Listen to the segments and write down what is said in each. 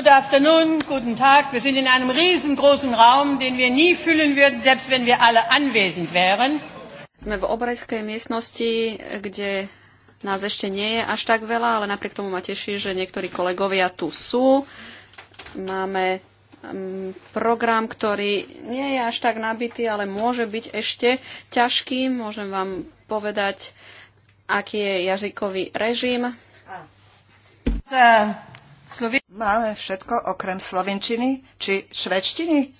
Good afternoon, guten Tag. Wir sind in einem riesengroßen Raum, den wir nie füllen würden, selbst wenn wir alle anwesend wären. Sme v obrejskej miestnosti, kde nás ešte nie je až tak veľa, ale napriek tomu ma teší, že niektorí kolegovia tu sú. Máme mm, program, ktorý nie je až tak nabitý, ale môže byť ešte ťažký. Môžem vám povedať, aký je jazykový režim. Uh Máme všetko okrem slovenčiny či švedštiny?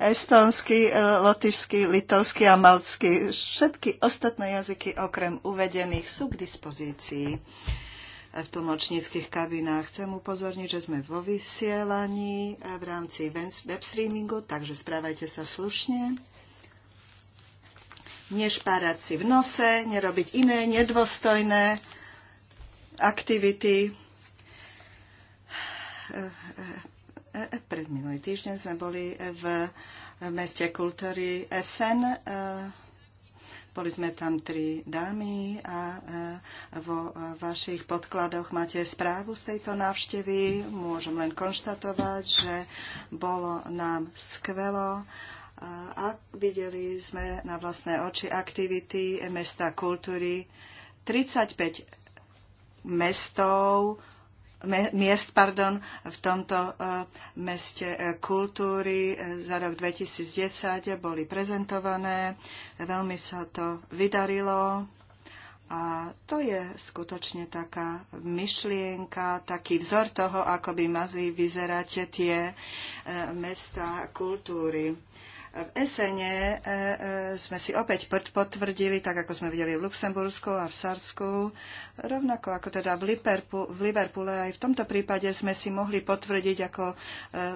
estonsky, e, lotyšsky, litovsky a maltsky. Všetky ostatné jazyky okrem uvedených sú k dispozícii v tlmočníckých kabinách. Chcem upozorniť, že sme vo vysielaní e, v rámci web streamingu, takže správajte sa slušne. Nešpárať si v nose, nerobiť iné nedôstojné aktivity E, e, e, pred minulý týždeň sme boli v meste kultúry Essen. Boli sme tam tri dámy a vo vašich podkladoch máte správu z tejto návštevy. Môžem len konštatovať, že bolo nám skvelo a videli sme na vlastné oči aktivity mesta kultúry 35 mestov miest pardon, v tomto eh, meste eh, kultúry eh, za rok 2010 boli prezentované. Veľmi sa to vydarilo. A to je skutočne taká myšlienka, taký vzor toho, ako by mali vyzerať tie mesta kultúry. V Esene e, e, sme si opäť potvrdili, tak ako sme videli v Luxembursku a v Sarsku, rovnako ako teda v, Liverpoole, aj v tomto prípade sme si mohli potvrdiť, ako e,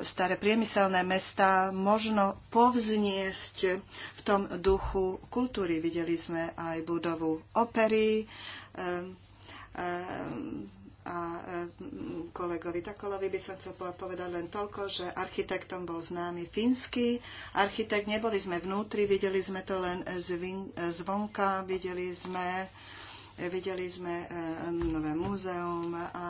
staré priemyselné mesta možno povzniesť v tom duchu kultúry. Videli sme aj budovu opery, a e, kolegovi Takolovi by som chcel povedať len toľko, že architektom bol známy fínsky architekt. Neboli sme vnútri, videli sme to len zvonka, videli sme, videli sme e, nové múzeum a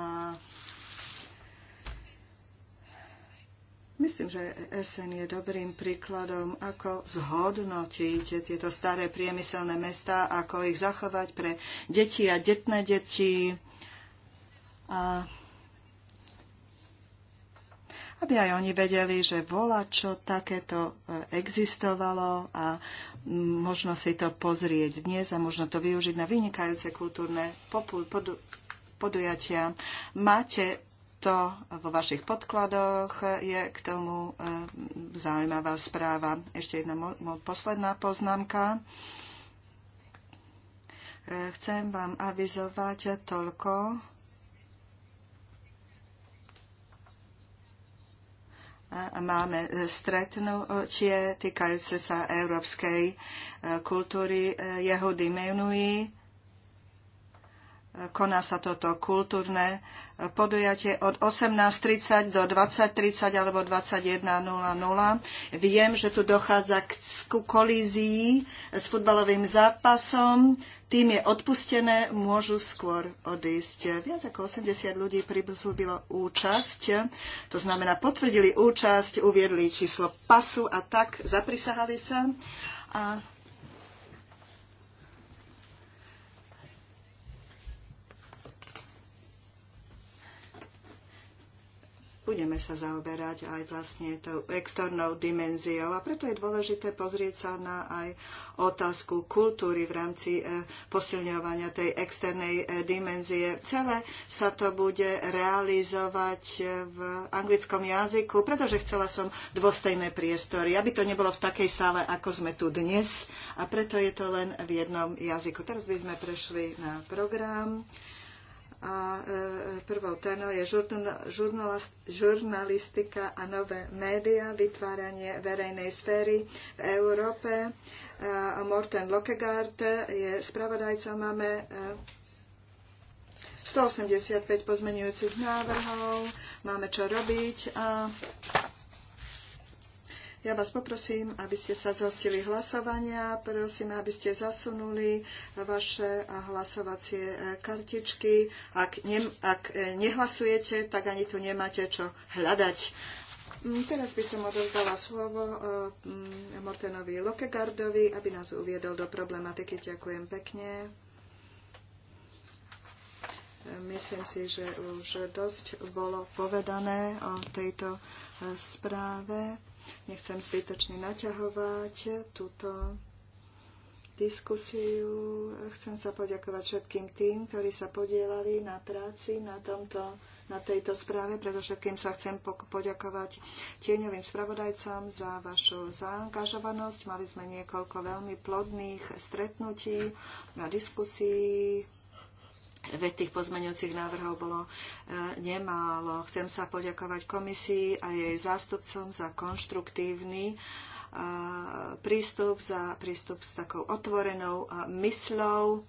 Myslím, že SN je dobrým príkladom, ako zhodnotiť tieto staré priemyselné mesta, ako ich zachovať pre deti a detné deti, a aby aj oni vedeli, že vola, čo takéto e, existovalo a možno si to pozrieť dnes a možno to využiť na vynikajúce kultúrne podujatia. Máte to vo vašich podkladoch e, je k tomu e, zaujímavá správa. Ešte jedna posledná poznámka. Chcem vám avizovať toľko, máme stretnutie týkajúce sa európskej e, kultúry e, jeho dimenuji. E, koná sa toto kultúrne podujatie od 18.30 do 20.30 alebo 21.00. Viem, že tu dochádza k, kolízii s futbalovým zápasom. Tým je odpustené, môžu skôr odísť. Viac ako 80 ľudí prislúbilo účasť, to znamená potvrdili účasť, uviedli číslo pasu a tak zaprisahali sa. A budeme sa zaoberať aj vlastne tou externou dimenziou. A preto je dôležité pozrieť sa na aj otázku kultúry v rámci e, posilňovania tej externej e, dimenzie. Celé sa to bude realizovať e, v anglickom jazyku, pretože chcela som dôstojné priestory, aby to nebolo v takej sále, ako sme tu dnes. A preto je to len v jednom jazyku. Teraz by sme prešli na program a e, prvou témou je žurnalistika a nové média, vytváranie verejnej sféry v Európe. E, Morten Lokegaard je spravodajca, máme 185 e, pozmenujúcich návrhov, máme čo robiť a ja vás poprosím, aby ste sa zhostili hlasovania, prosím, aby ste zasunuli vaše hlasovacie e, kartičky. Ak, ne, ak e, nehlasujete, tak ani tu nemáte čo hľadať. Mm, teraz by som odovzdala slovo e, mm, Mortenovi Lokegardovi, aby nás uviedol do problematiky. Ďakujem pekne. Myslím si, že už dosť bolo povedané o tejto správe. Nechcem zbytočne naťahovať túto diskusiu. Chcem sa poďakovať všetkým tým, ktorí sa podielali na práci na, tomto, na tejto správe. Predovšetkým sa chcem poďakovať tieňovým spravodajcom za vašu zaangažovanosť. Mali sme niekoľko veľmi plodných stretnutí na diskusii. Veď tých pozmeňujúcich návrhov bolo e, nemálo. Chcem sa poďakovať komisii a jej zástupcom za konštruktívny e, prístup, za prístup s takou otvorenou e, mysľou.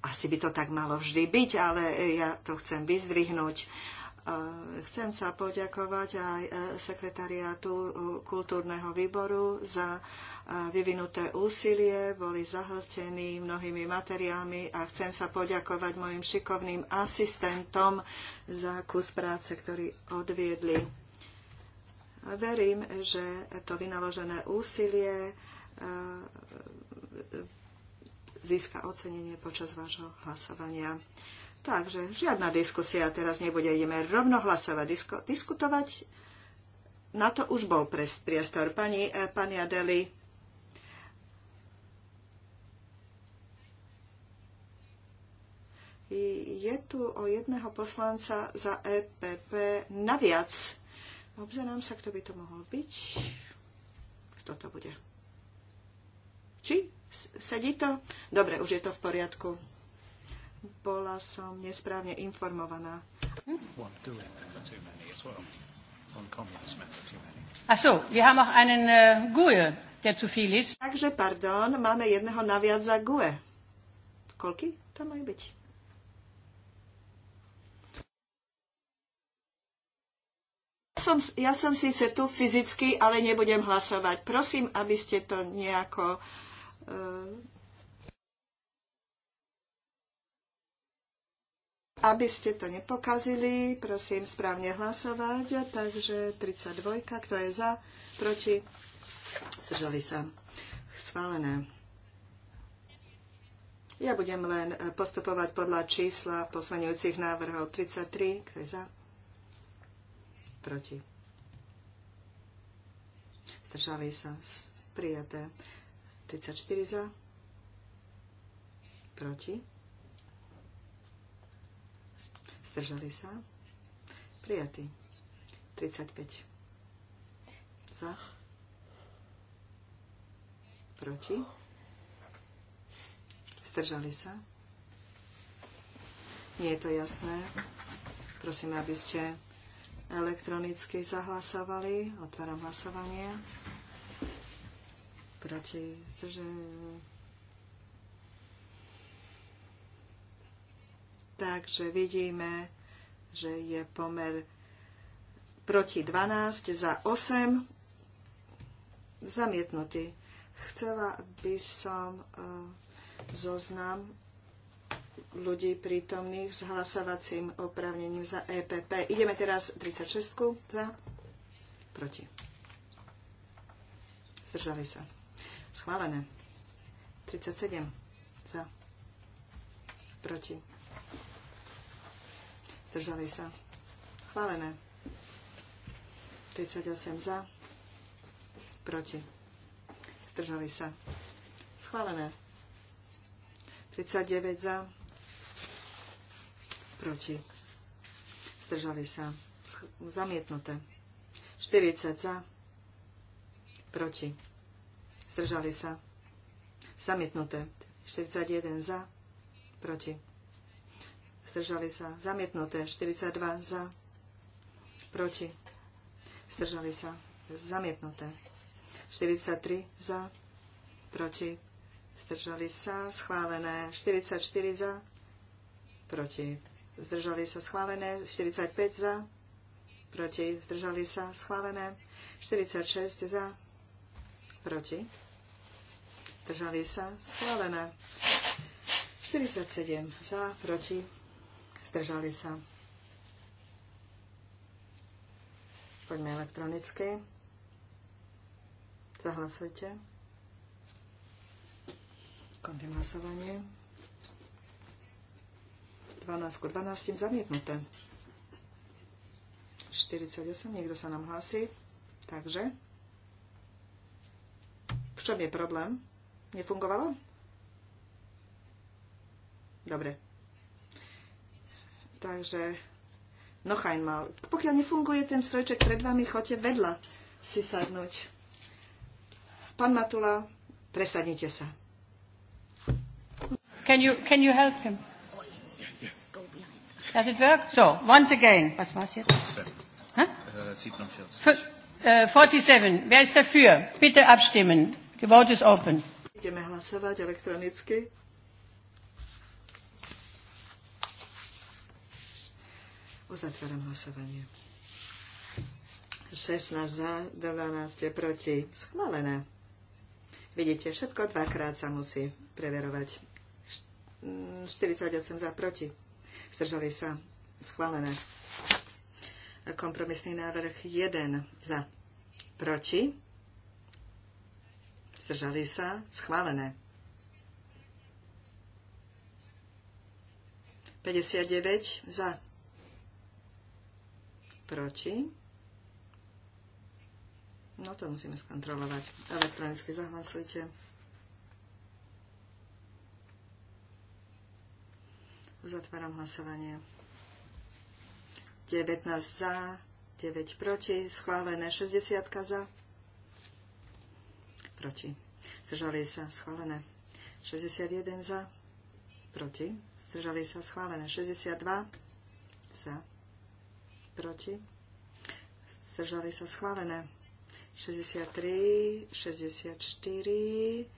Asi by to tak malo vždy byť, ale ja to chcem vyzdvihnúť. Chcem sa poďakovať aj sekretariátu kultúrneho výboru za vyvinuté úsilie, boli zahltení mnohými materiálmi a chcem sa poďakovať mojim šikovným asistentom za kus práce, ktorý odviedli. Verím, že to vynaložené úsilie e, získa ocenenie počas vášho hlasovania. Takže žiadna diskusia, teraz nebude, ideme rovno hlasovať, disko, diskutovať. Na to už bol priestor. Pani, e, pani Adeli, je tu o jedného poslanca za EPP naviac. Obzerám sa, kto by to mohol byť. Kto to bude? Či? Sedí to? Dobre, už je to v poriadku. Bola som nesprávne informovaná. wir haben auch einen äh, GUE, der zu viel ist. Takže, pardon, máme jedného naviac za GUE. Koľky tam majú byť? som, ja som síce tu fyzicky, ale nebudem hlasovať. Prosím, aby ste to nejako. Eh, aby ste to nepokazili, prosím správne hlasovať. Takže 32, kto je za, proti, zdržali sa. Schválené. Ja budem len eh, postupovať podľa čísla pozmeňujúcich návrhov 33, kto je za, proti. Zdržali sa prijaté 34 za, proti. Zdržali sa prijatí 35 za, proti. Zdržali sa. Nie je to jasné. Prosím, aby ste elektronicky zahlasovali. Otváram hlasovanie. Proti že... Takže vidíme, že je pomer proti 12 za 8 zamietnutý. Chcela by som eh, zoznam ľudí prítomných s hlasovacím opravnením za EPP. Ideme teraz 36 za, proti. Zdržali sa. Schválené. 37 za, proti. Zdržali sa. Schválené. 38 za, proti. Zdržali sa. Schválené. 39 za, proti, zdržali sa, zamietnuté. 40 za, proti, zdržali sa, zamietnuté. 41 za, proti, zdržali sa, zamietnuté. 42 za, proti, zdržali sa, zamietnuté. 43 za, proti, zdržali sa, schválené. 44 za, proti, zdržali sa schválené, 45 za, proti, zdržali sa schválené, 46 za, proti, zdržali sa schválené, 47 za, proti, zdržali sa. Poďme elektronicky. Zahlasujte. Končím hlasovanie. 12 k 12 zamietnuté. 48, niekto sa nám hlási. Takže. V čom je problém? Nefungovalo? Dobre. Takže Nochajn mal. Pokiaľ nefunguje ten strojček pred vami, chodte vedľa si sadnúť. Pán Matula, presadnite sa. Can you, can you help him? Does it work? So, once again. Was war es jetzt? 47. Huh? Äh, 47. 47. Äh, Wer ist dafür? Bitte abstimmen. The vote is open. Ideme hlasovať elektronicky. Uzatváram hlasovanie. 16 za, 12 proti. Schválené. Vidíte, všetko dvakrát sa musí preverovať. 48 mm, za proti zdržali sa schválené. Kompromisný návrh 1 za, proti, zdržali sa schválené. 59 za, proti, No to musíme skontrolovať. Elektronicky zahlasujte. Uzatváram hlasovanie. 19 za, 9 proti, schválené 60 za, proti. Zdržali sa, schválené 61 za, proti. Zdržali sa, schválené 62 za, proti. Zdržali sa, schválené 63, 64,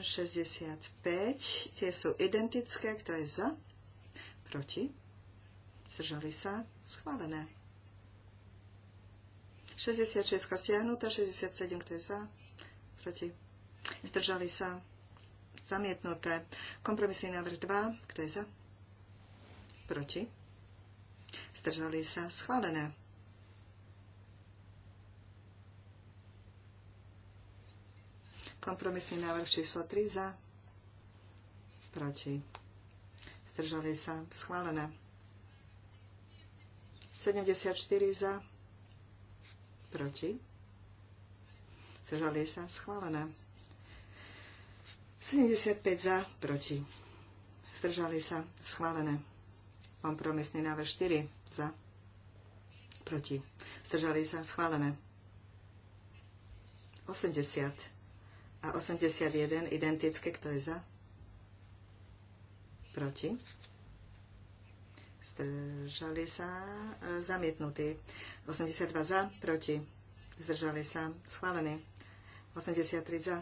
65, tie sú identické, kto je za, Proti? Zdržali sa? Schválené. 66 stiahnutá, 67 kto je za? Proti? Zdržali sa? Zamietnuté. Kompromisný návrh 2. Kto je za? Proti? Zdržali sa? Schválené. Kompromisný návrh číslo 3 za. Proti zdržali sa, schválené. 74 za, proti, zdržali sa, schválené. 75 za, proti, zdržali sa, schválené. Kompromisný návrh 4 za, proti, zdržali sa, schválené. 80 a 81 identické, kto je za, proti, zdržali sa, e, zamietnutý. 82 za, proti, zdržali sa, schválený. 83 za.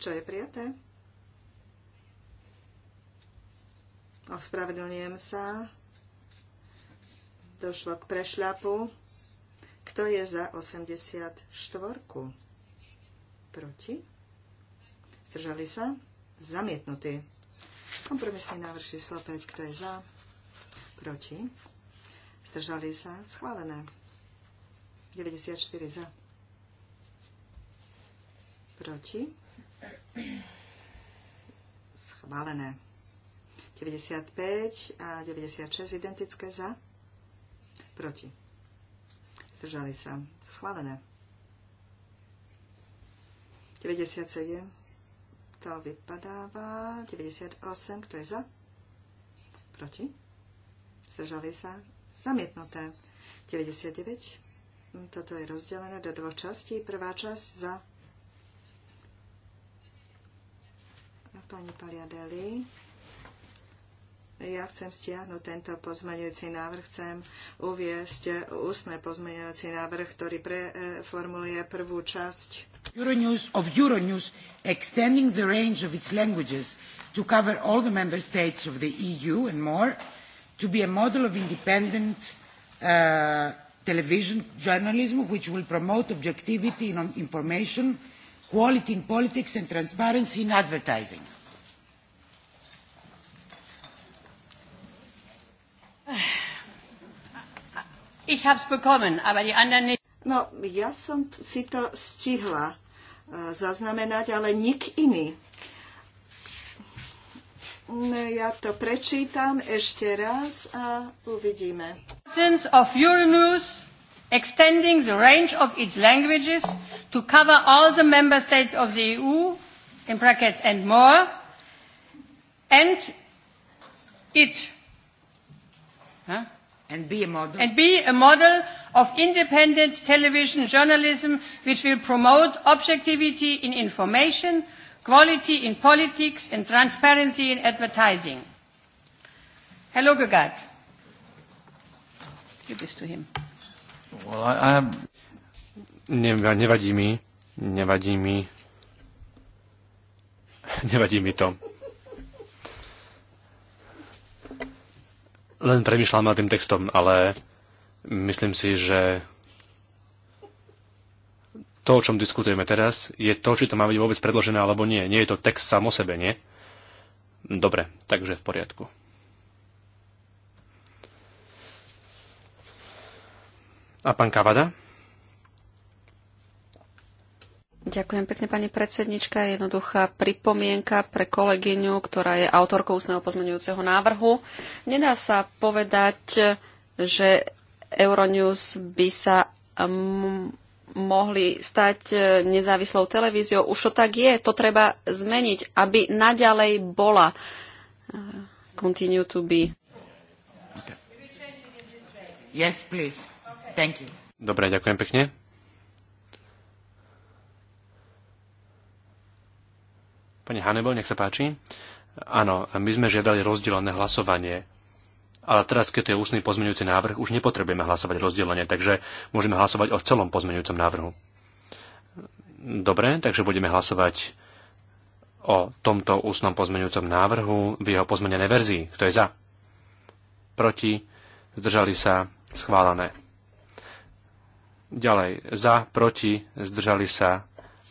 Čo je prijaté? Ospravedlňujem sa. Došlo k prešľapu. Kto je za 84? Proti? Zdržali sa? Zamietnutý. Kompromisný návrh číslo 5. Kto je za? Proti? Zdržali sa? Schválené. 94 za. Proti? Schválené. 95 a 96 identické za. Proti. Zdržali sa. Schválené. 97 to vypadáva. 98, kto je za? Proti? Zdržali sa? Zamietnuté. 99. Toto je rozdelené do dvoch častí. Prvá časť za pani Paliadeli ja chcem stiahnuť tento pozmeňujúci návrh, chcem uviesť ústne pozmeňujúci návrh, ktorý preformuluje prvú časť. Euronews of Euronews extending the range of its languages to cover all the member states of the EU and more to be a model of independent uh, television journalism which will promote objectivity in information, quality in politics and transparency in advertising Ich hab's bekommen, aber die anderen nicht. No, ja som si to stihla e, zaznamenať, ale nik iný. No, Ja to prečítam ešte raz a uvidíme. of Euronews extending the range of its languages to cover all the member states of the EU, in brackets and more, and it, huh? And be a model. And be a model of independent television journalism which will promote objectivity in information, quality in politics and transparency in advertising. Herr Lokegaard, Give this to him. Well, I, I have... ne, nevadí mi, nevadí mi, nevadí mi to. len premyšľam nad tým textom, ale myslím si, že to, o čom diskutujeme teraz, je to, či to má byť vôbec predložené alebo nie. Nie je to text sám o sebe, nie? Dobre, takže v poriadku. A pán Kavada? Ďakujem pekne, pani predsednička. Jednoduchá pripomienka pre kolegyňu, ktorá je autorkou ústneho pozmeňujúceho návrhu. Nedá sa povedať, že Euronews by sa mohli stať e, nezávislou televíziou. Už to tak je, to treba zmeniť, aby naďalej bola. E, continue to be. Yes, please. Thank you. Dobre, ďakujem pekne. Pani Hanebel, nech sa páči. Áno, my sme žiadali rozdelené hlasovanie. Ale teraz, keď to je ústny pozmeňujúci návrh, už nepotrebujeme hlasovať rozdelenie, takže môžeme hlasovať o celom pozmeňujúcom návrhu. Dobre, takže budeme hlasovať o tomto ústnom pozmeňujúcom návrhu v jeho pozmenenej verzii. Kto je za? Proti? Zdržali sa? Schválené. Ďalej. Za? Proti? Zdržali sa?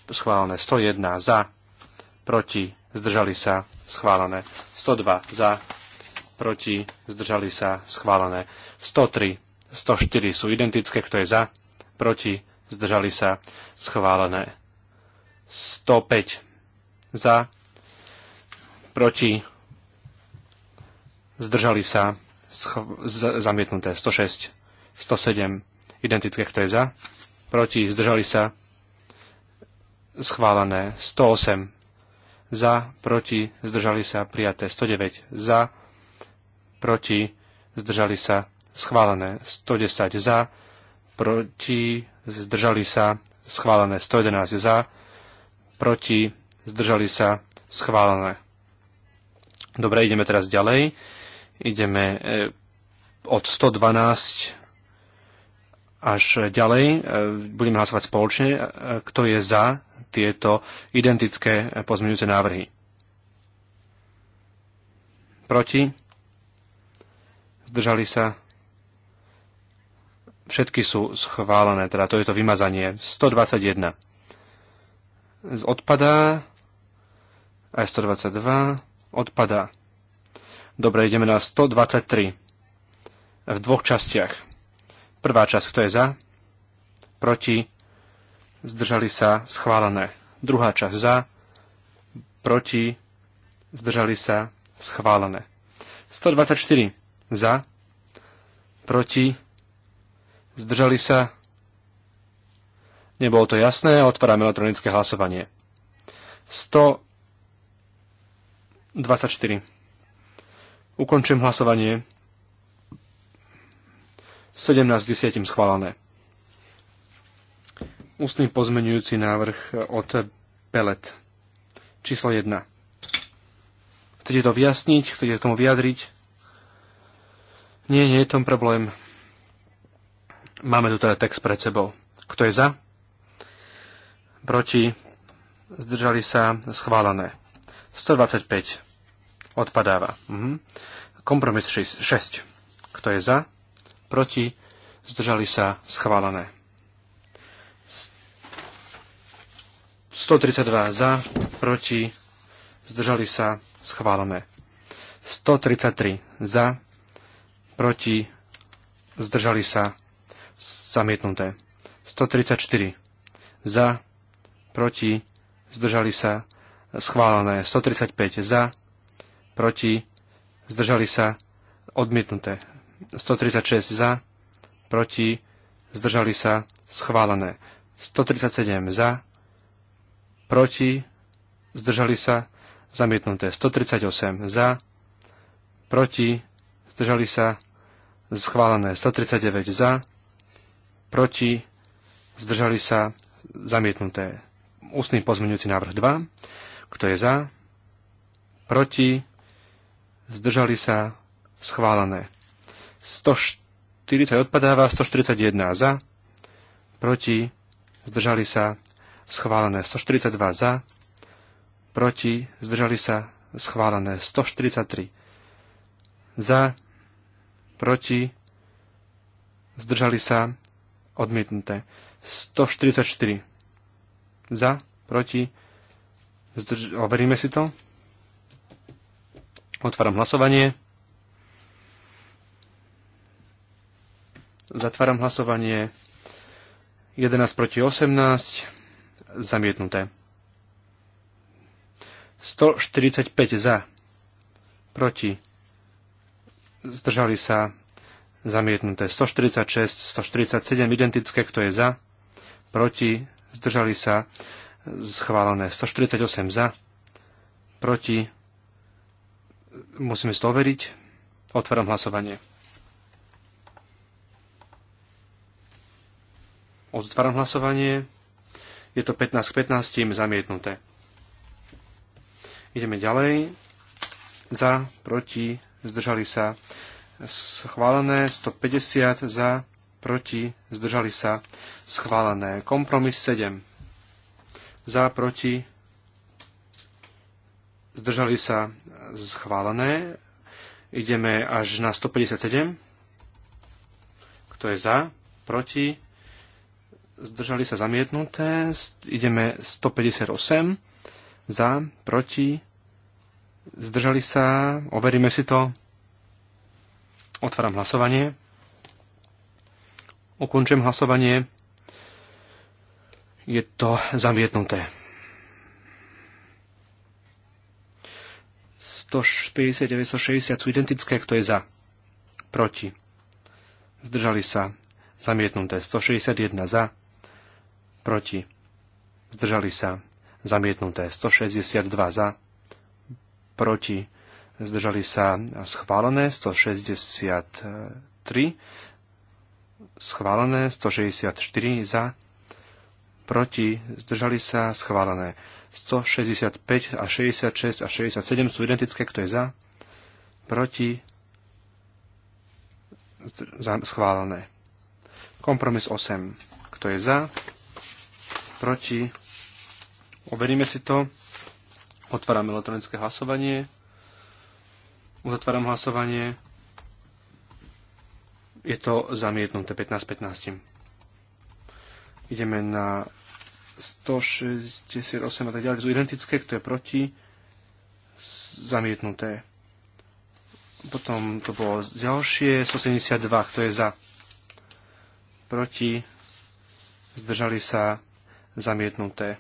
Schválené. 101. Za? proti, zdržali sa, schválené. 102 za, proti, zdržali sa, schválené. 103, 104 sú identické, kto je za, proti, zdržali sa, schválené. 105 za, proti, zdržali sa, zamietnuté. 106, 107 identické, kto je za, proti, zdržali sa, schválené. 108 za, proti, zdržali sa, prijaté 109 za, proti, zdržali sa, schválené 110 za, proti, zdržali sa, schválené 111 za, proti, zdržali sa, schválené. Dobre, ideme teraz ďalej. Ideme e, od 112 až ďalej. E, budeme hlasovať spoločne. E, kto je za tieto identické pozmeňujúce návrhy. Proti? Zdržali sa? Všetky sú schválené, teda to je to vymazanie. 121. Odpadá. Aj 122. Odpadá. Dobre, ideme na 123. V dvoch častiach. Prvá časť, kto je za? Proti? zdržali sa, schválené. Druhá časť za, proti, zdržali sa, schválené. 124 za, proti, zdržali sa, nebolo to jasné, otvárame elektronické hlasovanie. 124. Ukončím hlasovanie. 17 10 schválené ústny pozmenujúci návrh od Pelet. Číslo 1. Chcete to vyjasniť? Chcete k tomu vyjadriť? Nie, nie je tom problém. Máme tu teda text pred sebou. Kto je za? Proti? Zdržali sa? Schválené. 125. Odpadáva. Mhm. Kompromis 6. Kto je za? Proti? Zdržali sa? Schválené. 132 za, proti, zdržali sa, schválené. 133 za, proti, zdržali sa, zamietnuté. 134 za, proti, zdržali sa, schválené. 135 za, proti, zdržali sa, odmietnuté. 136 za, proti, zdržali sa, schválené. 137 za, proti, zdržali sa, zamietnuté 138 za, proti, zdržali sa, schválené 139 za, proti, zdržali sa, zamietnuté ústny pozmeňujúci návrh 2, kto je za, proti, zdržali sa, schválené 140 odpadáva, 141 za, proti, zdržali sa, schválené 142 za, proti, zdržali sa, schválené 143 za, proti, zdržali sa, odmietnuté 144 za, proti, zdrž- overíme si to. Otváram hlasovanie. Zatváram hlasovanie. 11 proti 18 zamietnuté. 145 za, proti, zdržali sa, zamietnuté. 146, 147 identické, kto je za, proti, zdržali sa, schválené. 148 za, proti, musíme si to overiť. Otváram hlasovanie. Otváram hlasovanie. Je to 15 k 15 zamietnuté. Ideme ďalej. Za, proti, zdržali sa. Schválené 150 za, proti, zdržali sa. Schválené. Kompromis 7. Za, proti, zdržali sa. Schválené. Ideme až na 157. Kto je za, proti, zdržali sa zamietnuté. Ideme 158 za, proti, zdržali sa, overíme si to. Otváram hlasovanie. Ukončujem hlasovanie. Je to zamietnuté. 150, 960 sú identické, kto je za. Proti. Zdržali sa. Zamietnuté. 161 za proti, zdržali sa, zamietnuté 162 za, proti, zdržali sa schválené 163, schválené 164 za, proti, zdržali sa schválené 165 a 66 a 67 sú identické, kto je za, proti, schválené. Kompromis 8, kto je za, proti. Overíme si to. Otváram elektronické hlasovanie. Uzatváram hlasovanie. Je to zamietnuté 15-15. Ideme na 168 a tak ďalej. Sú identické, kto je proti. Zamietnuté. Potom to bolo ďalšie, 172, kto je za, proti, zdržali sa zamietnuté.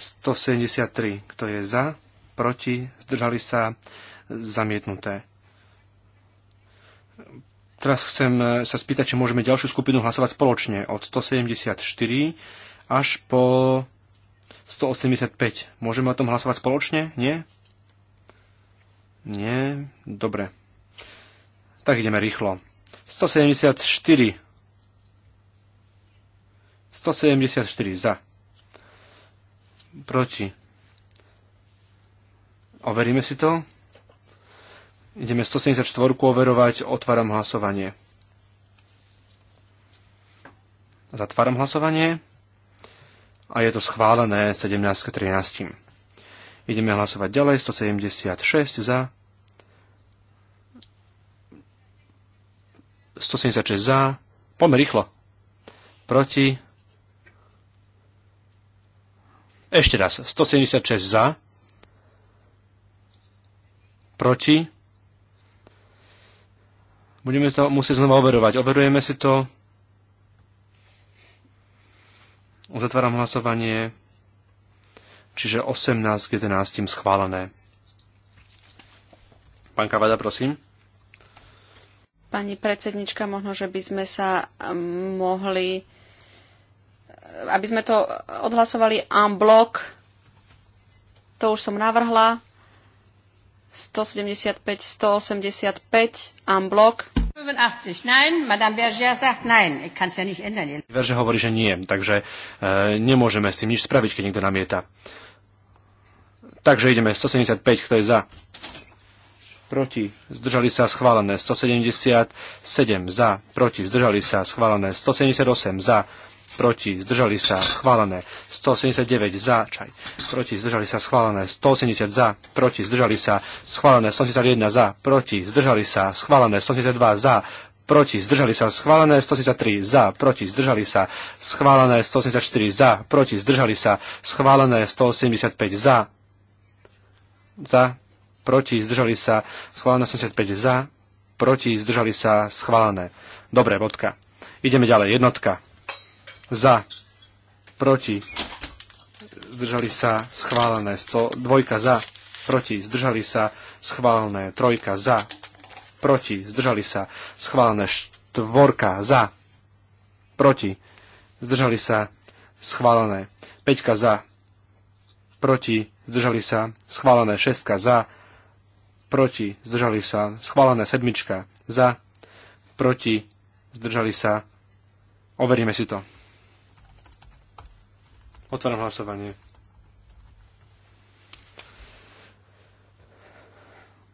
173, kto je za, proti, zdržali sa, zamietnuté. Teraz chcem e, sa spýtať, či môžeme ďalšiu skupinu hlasovať spoločne od 174 až po 185. Môžeme o tom hlasovať spoločne? Nie? Nie? Dobre. Tak ideme rýchlo. 174 174 za. Proti. Overíme si to. Ideme 174 overovať. Otváram hlasovanie. Zatváram hlasovanie. A je to schválené 17 k 13. Ideme hlasovať ďalej. 176 za. 176 za. Poďme rýchlo. Proti ešte raz, 176 za, proti. Budeme to musieť znova overovať. Overujeme si to. Uzatváram hlasovanie. Čiže 18 k 11 schválené. Pán Kavada, prosím. Pani predsednička, možno, že by sme sa mm, mohli aby sme to odhlasovali en blok. To už som navrhla. 175, 185 en blok. 85, nein, Madame Berger sagt nein, ich ja hovorí, že nie, takže e, nemôžeme s tým nič spraviť, keď niekto namieta. Takže ideme, 175, kto je za? proti, zdržali sa schválené 177 za, proti, zdržali sa schválené 178 za, proti, zdržali sa, schválené. 179 za, čaj, proti, zdržali sa, schválené. 180 za, proti, zdržali sa, schválené. 181 za, proti, zdržali sa, schválené. 182 za, proti, zdržali sa, schválené 183 za, proti, zdržali sa, schválené 184 za, proti, zdržali sa, schválené 185 za, za, proti, zdržali sa, schválené 185 za, proti, zdržali sa, schválené. Dobre, bodka. Ideme ďalej. Jednotka za, proti, zdržali sa schválené, 100, dvojka za, proti, zdržali sa schválené, trojka za, proti, zdržali sa schválené, štvorka za, proti, zdržali sa schválené, peťka za, proti, zdržali sa schválené, šestka za, proti, zdržali sa schválené, sedmička za, proti, zdržali sa, overíme si to. Otváram hlasovanie.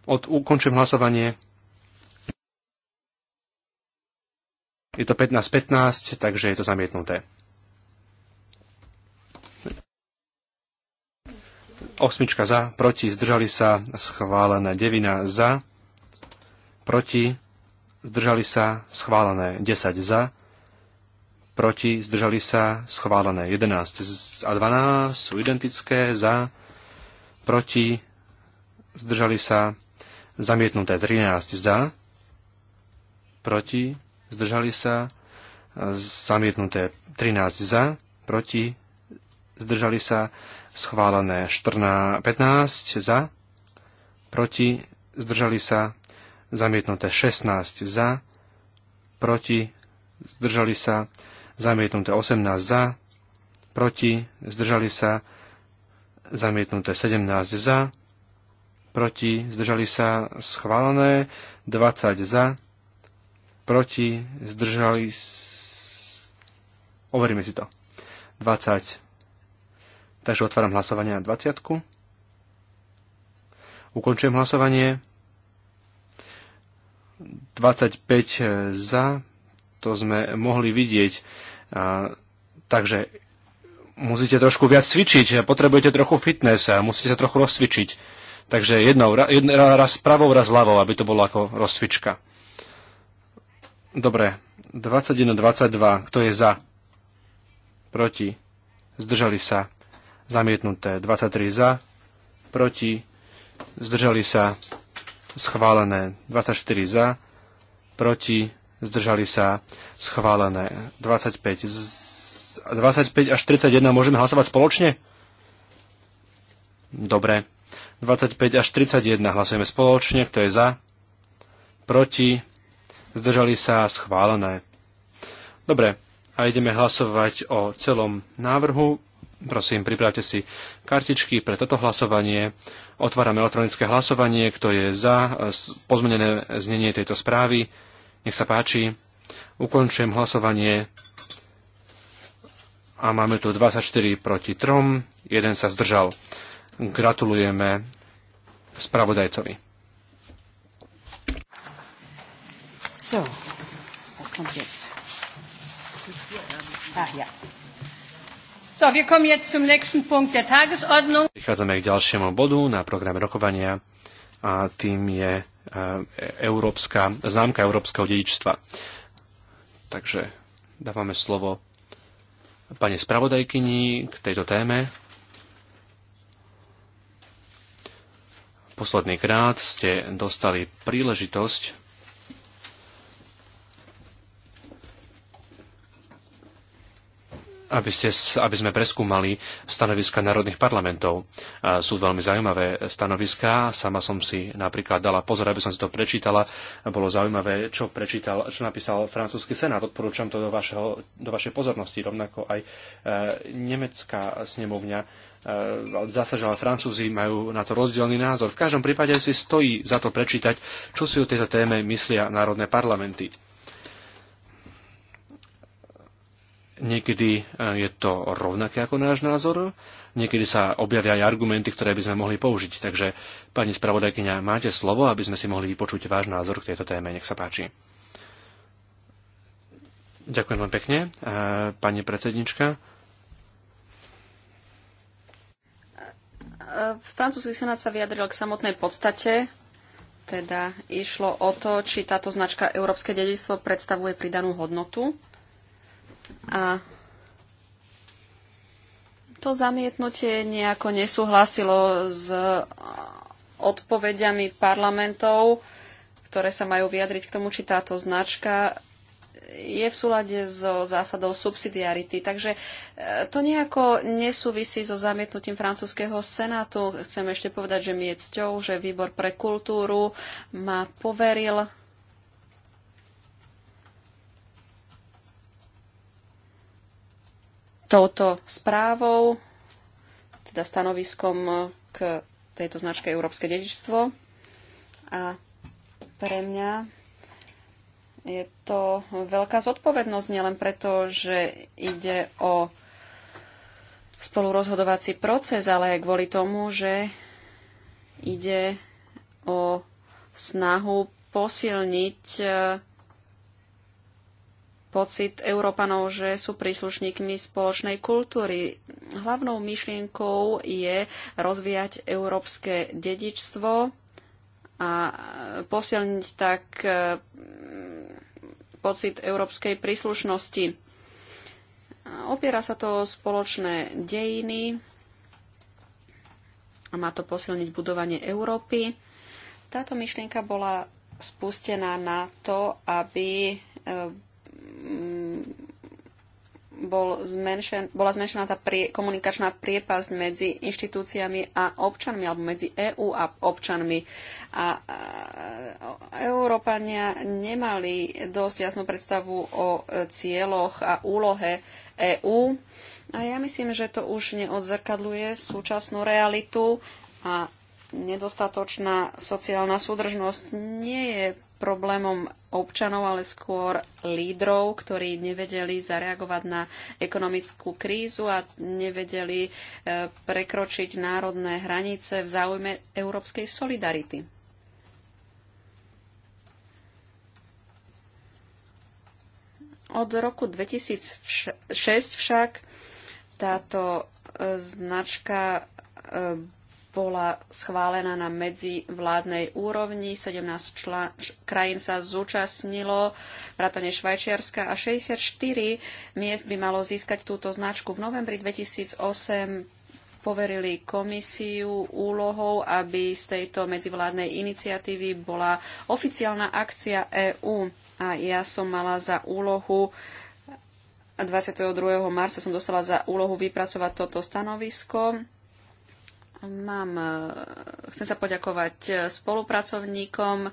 Od, ukončujem hlasovanie. Je to 15-15, takže je to zamietnuté. Osmička za, proti, zdržali sa, schválené. Devina za, proti, zdržali sa, schválené. 10 za, proti, zdržali sa, schválené. 11 a 12 sú identické, za, proti, zdržali sa, zamietnuté. 13 za, proti, zdržali sa, zamietnuté. 13 za, proti, zdržali sa, schválené. 14, 15 za, proti, zdržali sa, zamietnuté. 16 za, proti, zdržali sa, zamietnuté 18 za, proti, zdržali sa, zamietnuté 17 za, proti, zdržali sa, schválené 20 za, proti, zdržali sa, overíme si to, 20. Takže otváram hlasovanie na 20. Ukončujem hlasovanie. 25 za, to sme mohli vidieť. A, takže musíte trošku viac cvičiť, potrebujete trochu fitness a musíte sa trochu rozcvičiť. Takže jednou, jedn, raz pravou, raz ľavou, aby to bolo ako rozcvička. Dobre, 21, 22, kto je za? Proti? Zdržali sa? Zamietnuté. 23 za? Proti? Zdržali sa? Schválené. 24 za? Proti? zdržali sa schválené. 25, z, 25 až 31 môžeme hlasovať spoločne? Dobre. 25 až 31 hlasujeme spoločne. Kto je za? Proti? Zdržali sa schválené. Dobre. A ideme hlasovať o celom návrhu. Prosím, pripravte si kartičky pre toto hlasovanie. Otvárame elektronické hlasovanie, kto je za pozmenené znenie tejto správy. Nech sa páči. Ukončujem hlasovanie. A máme tu 24 proti 3. Jeden sa zdržal. Gratulujeme spravodajcovi. So, ah, Prichádzame k ďalšiemu bodu na programe rokovania a tým je E, európska, známka európskeho dedičstva. Takže dávame slovo pani spravodajkyni k tejto téme. Posledný krát ste dostali príležitosť aby, ste, aby sme preskúmali stanoviska národných parlamentov. Sú veľmi zaujímavé stanoviská, sama som si napríklad dala pozor, aby som si to prečítala. Bolo zaujímavé, čo, prečítal, čo napísal francúzsky senát. Odporúčam to do, vašeho, do vašej pozornosti, rovnako aj e, nemecká snemovňa e, zasažala Francúzi majú na to rozdielný názor. V každom prípade si stojí za to prečítať, čo si o tejto téme myslia národné parlamenty. Niekedy e, je to rovnaké ako náš názor, niekedy sa objavia aj argumenty, ktoré by sme mohli použiť. Takže, pani spravodajkyňa, máte slovo, aby sme si mohli vypočuť váš názor k tejto téme. Nech sa páči. Ďakujem vám pekne, e, pani predsednička. E, francúzsky senát sa vyjadril k samotnej podstate teda išlo o to, či táto značka Európske dedičstvo predstavuje pridanú hodnotu a to zamietnutie nejako nesúhlasilo s e, odpovediami parlamentov, ktoré sa majú vyjadriť k tomu, či táto značka je v súlade so zásadou subsidiarity. Takže e, to nejako nesúvisí so zamietnutím francúzského senátu. Chcem ešte povedať, že mi je cťou, že výbor pre kultúru ma poveril touto správou, teda stanoviskom eh, k tejto značke Európske dedičstvo. A pre mňa je to veľká zodpovednosť, nielen preto, že ide o spolurozhodovací proces, ale aj kvôli tomu, že ide o snahu posilniť eh, pocit Európanov, že sú príslušníkmi spoločnej kultúry. Hlavnou myšlienkou je rozvíjať európske dedičstvo a posilniť tak e, pocit európskej príslušnosti. Opiera sa to o spoločné dejiny a má to posilniť budovanie Európy. Táto myšlienka bola spustená na to, aby e, Mm, bol zmenšen, bola zmenšená tá prie, komunikačná priepasť medzi inštitúciami a občanmi, alebo medzi EÚ a občanmi. A, a, a Európania nemali dosť jasnú predstavu o cieľoch a úlohe EÚ. A ja myslím, že to už neodzrkadluje súčasnú realitu a nedostatočná sociálna súdržnosť nie je problémom občanov, ale skôr lídrov, ktorí nevedeli zareagovať na ekonomickú krízu a nevedeli e, prekročiť národné hranice v záujme európskej solidarity. Od roku 2006 však táto e, značka e, bola schválená na medzivládnej úrovni. 17 člán, krajín sa zúčastnilo, vrátane Švajčiarska a 64 miest by malo získať túto značku. V novembri 2008 poverili komisiu úlohou, aby z tejto medzivládnej iniciatívy bola oficiálna akcia EÚ. A ja som mala za úlohu 22. marca som dostala za úlohu vypracovať toto stanovisko Mám, e, chcem sa poďakovať e, spolupracovníkom e,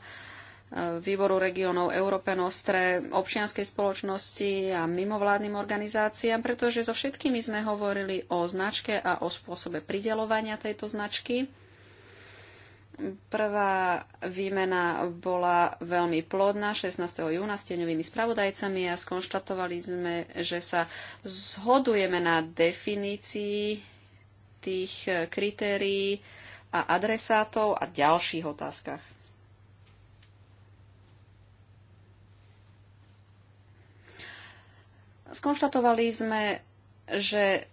výboru regionov Európe Nostre, občianskej spoločnosti a mimovládnym organizáciám, pretože so všetkými sme hovorili o značke a o spôsobe pridelovania tejto značky. Prvá výmena bola veľmi plodná 16. júna s teňovými spravodajcami a skonštatovali sme, že sa zhodujeme na definícii tých e, kritérií a adresátov a ďalších otázkach. Skonštatovali sme, že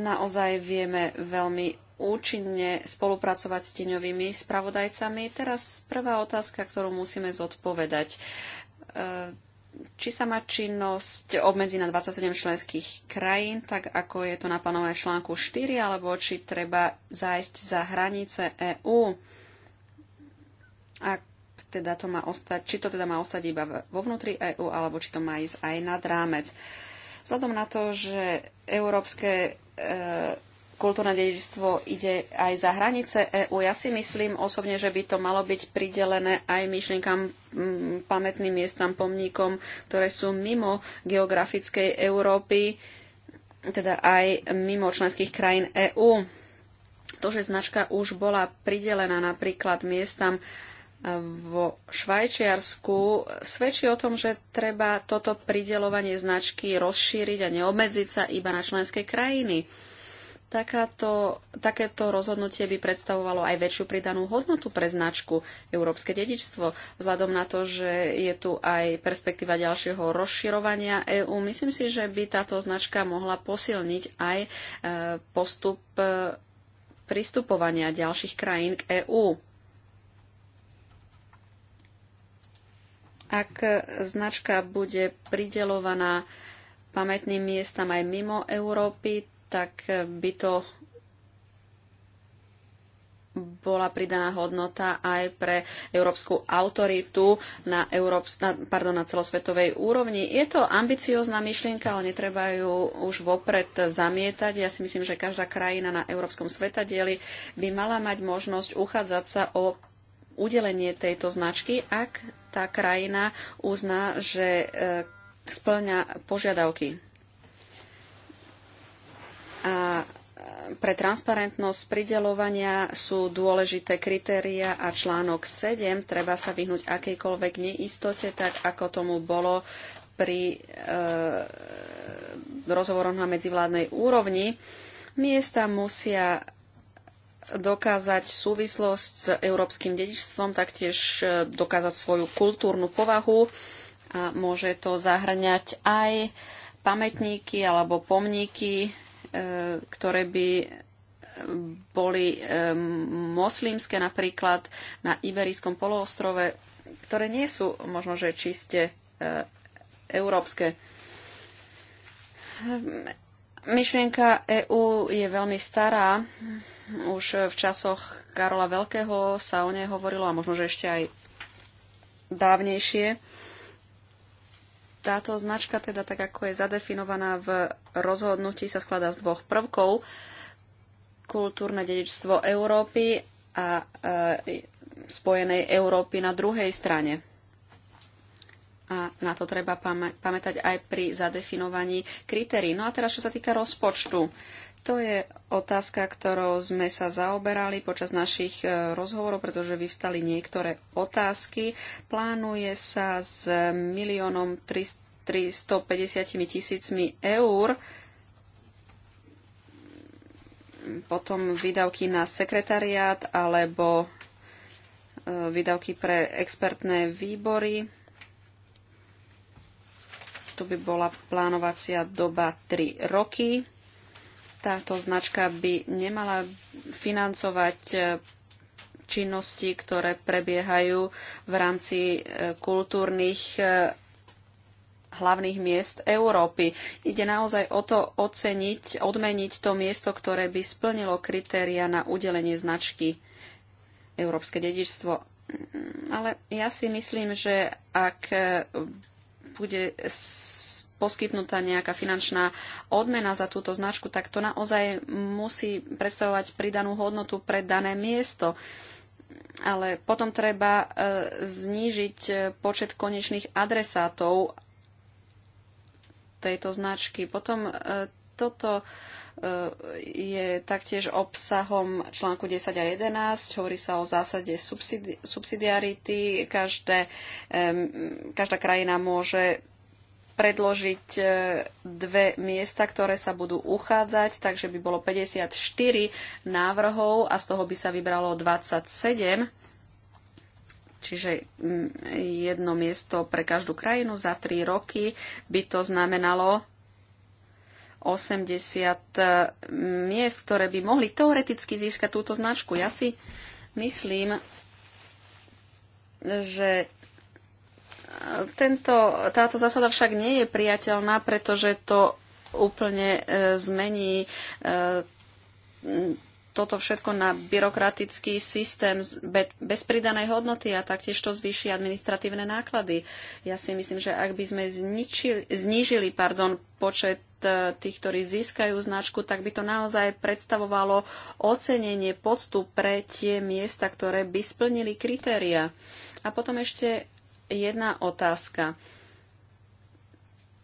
naozaj vieme veľmi účinne spolupracovať s tieňovými spravodajcami. Teraz prvá otázka, ktorú musíme zodpovedať e, či sa má činnosť obmedzi na 27 členských krajín, tak ako je to naplánované v článku 4, alebo či treba zájsť za hranice EÚ, A teda to má ostať, či to teda má ostať iba vo vnútri EÚ, alebo či to má ísť aj nad rámec. Vzhľadom na to, že európske e, kultúrne dedičstvo ide aj za hranice EÚ. Ja si myslím osobne, že by to malo byť pridelené aj myšlienkam mm, pamätným miestam, pomníkom, ktoré sú mimo geografickej Európy, teda aj mimo členských krajín EÚ. To, že značka už bola pridelená napríklad miestam e, vo Švajčiarsku svedčí o tom, že treba toto pridelovanie značky rozšíriť a neobmedziť sa iba na členské krajiny. Takáto, takéto rozhodnutie by predstavovalo aj väčšiu pridanú hodnotu pre značku Európske dedičstvo. Vzhľadom na to, že je tu aj perspektíva ďalšieho rozširovania EÚ, myslím si, že by táto značka mohla posilniť aj e, postup e, pristupovania ďalších krajín k EÚ. Ak značka bude pridelovaná pamätným miestam aj mimo Európy, tak by to bola pridaná hodnota aj pre európsku autoritu na, Európs- na, pardon, na celosvetovej úrovni. Je to ambiciozná myšlienka, ale netreba ju už vopred zamietať. Ja si myslím, že každá krajina na európskom svetadieli by mala mať možnosť uchádzať sa o udelenie tejto značky, ak tá krajina uzná, že e, splňa požiadavky a pre transparentnosť prideľovania sú dôležité kritéria a článok 7 treba sa vyhnúť akejkoľvek neistote, tak ako tomu bolo pri e, rozhovoroch na medzivládnej úrovni. Miesta musia dokázať súvislosť s európskym dedičstvom, taktiež e, dokázať svoju kultúrnu povahu a môže to zahrňať aj pamätníky alebo pomníky E, ktoré by boli e, moslimské napríklad na Iberijskom poloostrove, ktoré nie sú možno, že čiste e, európske. Myšlienka EÚ je veľmi stará. Už v časoch Karola Veľkého sa o nej hovorilo a možno, že ešte aj dávnejšie. Táto značka, teda tak ako je zadefinovaná v rozhodnutí, sa skladá z dvoch prvkov. Kultúrne dedičstvo Európy a e, spojenej Európy na druhej strane. A na to treba pamä pamätať aj pri zadefinovaní kritérií. No a teraz, čo sa týka rozpočtu. E, to je otázka, ktorou sme sa zaoberali počas našich e, rozhovorov, pretože vyvstali niektoré otázky. Plánuje sa s miliónom 350 tisícmi eur potom výdavky na sekretariát alebo e, výdavky pre expertné výbory. Tu by bola plánovacia doba 3 roky. Táto značka by nemala financovať e, činnosti, ktoré prebiehajú v rámci e, kultúrnych e, hlavných miest Európy. Ide naozaj o to oceniť, odmeniť to miesto, ktoré by splnilo kritéria na udelenie značky Európske dedičstvo. Mm, ale ja si myslím, že ak bude poskytnutá nejaká finančná odmena za túto značku, tak to naozaj musí predstavovať pridanú hodnotu pre dané miesto. Ale potom treba e, znížiť počet konečných adresátov tejto značky. Potom e, toto e, je taktiež obsahom článku 10 a 11. Hovorí sa o zásade subsidiarity. každá krajina môže predložiť e, dve miesta, ktoré sa budú uchádzať, takže by bolo 54 návrhov a z toho by sa vybralo 27, čiže mm, jedno miesto pre každú krajinu za 3 roky by to znamenalo 80 e, miest, ktoré by mohli teoreticky získať túto značku. Ja si myslím, že tento, táto zásada však nie je priateľná, pretože to úplne e, zmení e, toto všetko na byrokratický systém bez pridanej hodnoty a taktiež to zvýši administratívne náklady. Ja si myslím, že ak by sme zničili, znížili pardon, počet e, tých, ktorí získajú značku, tak by to naozaj predstavovalo ocenenie poctu pre tie miesta, ktoré by splnili kritéria. A potom ešte jedna otázka.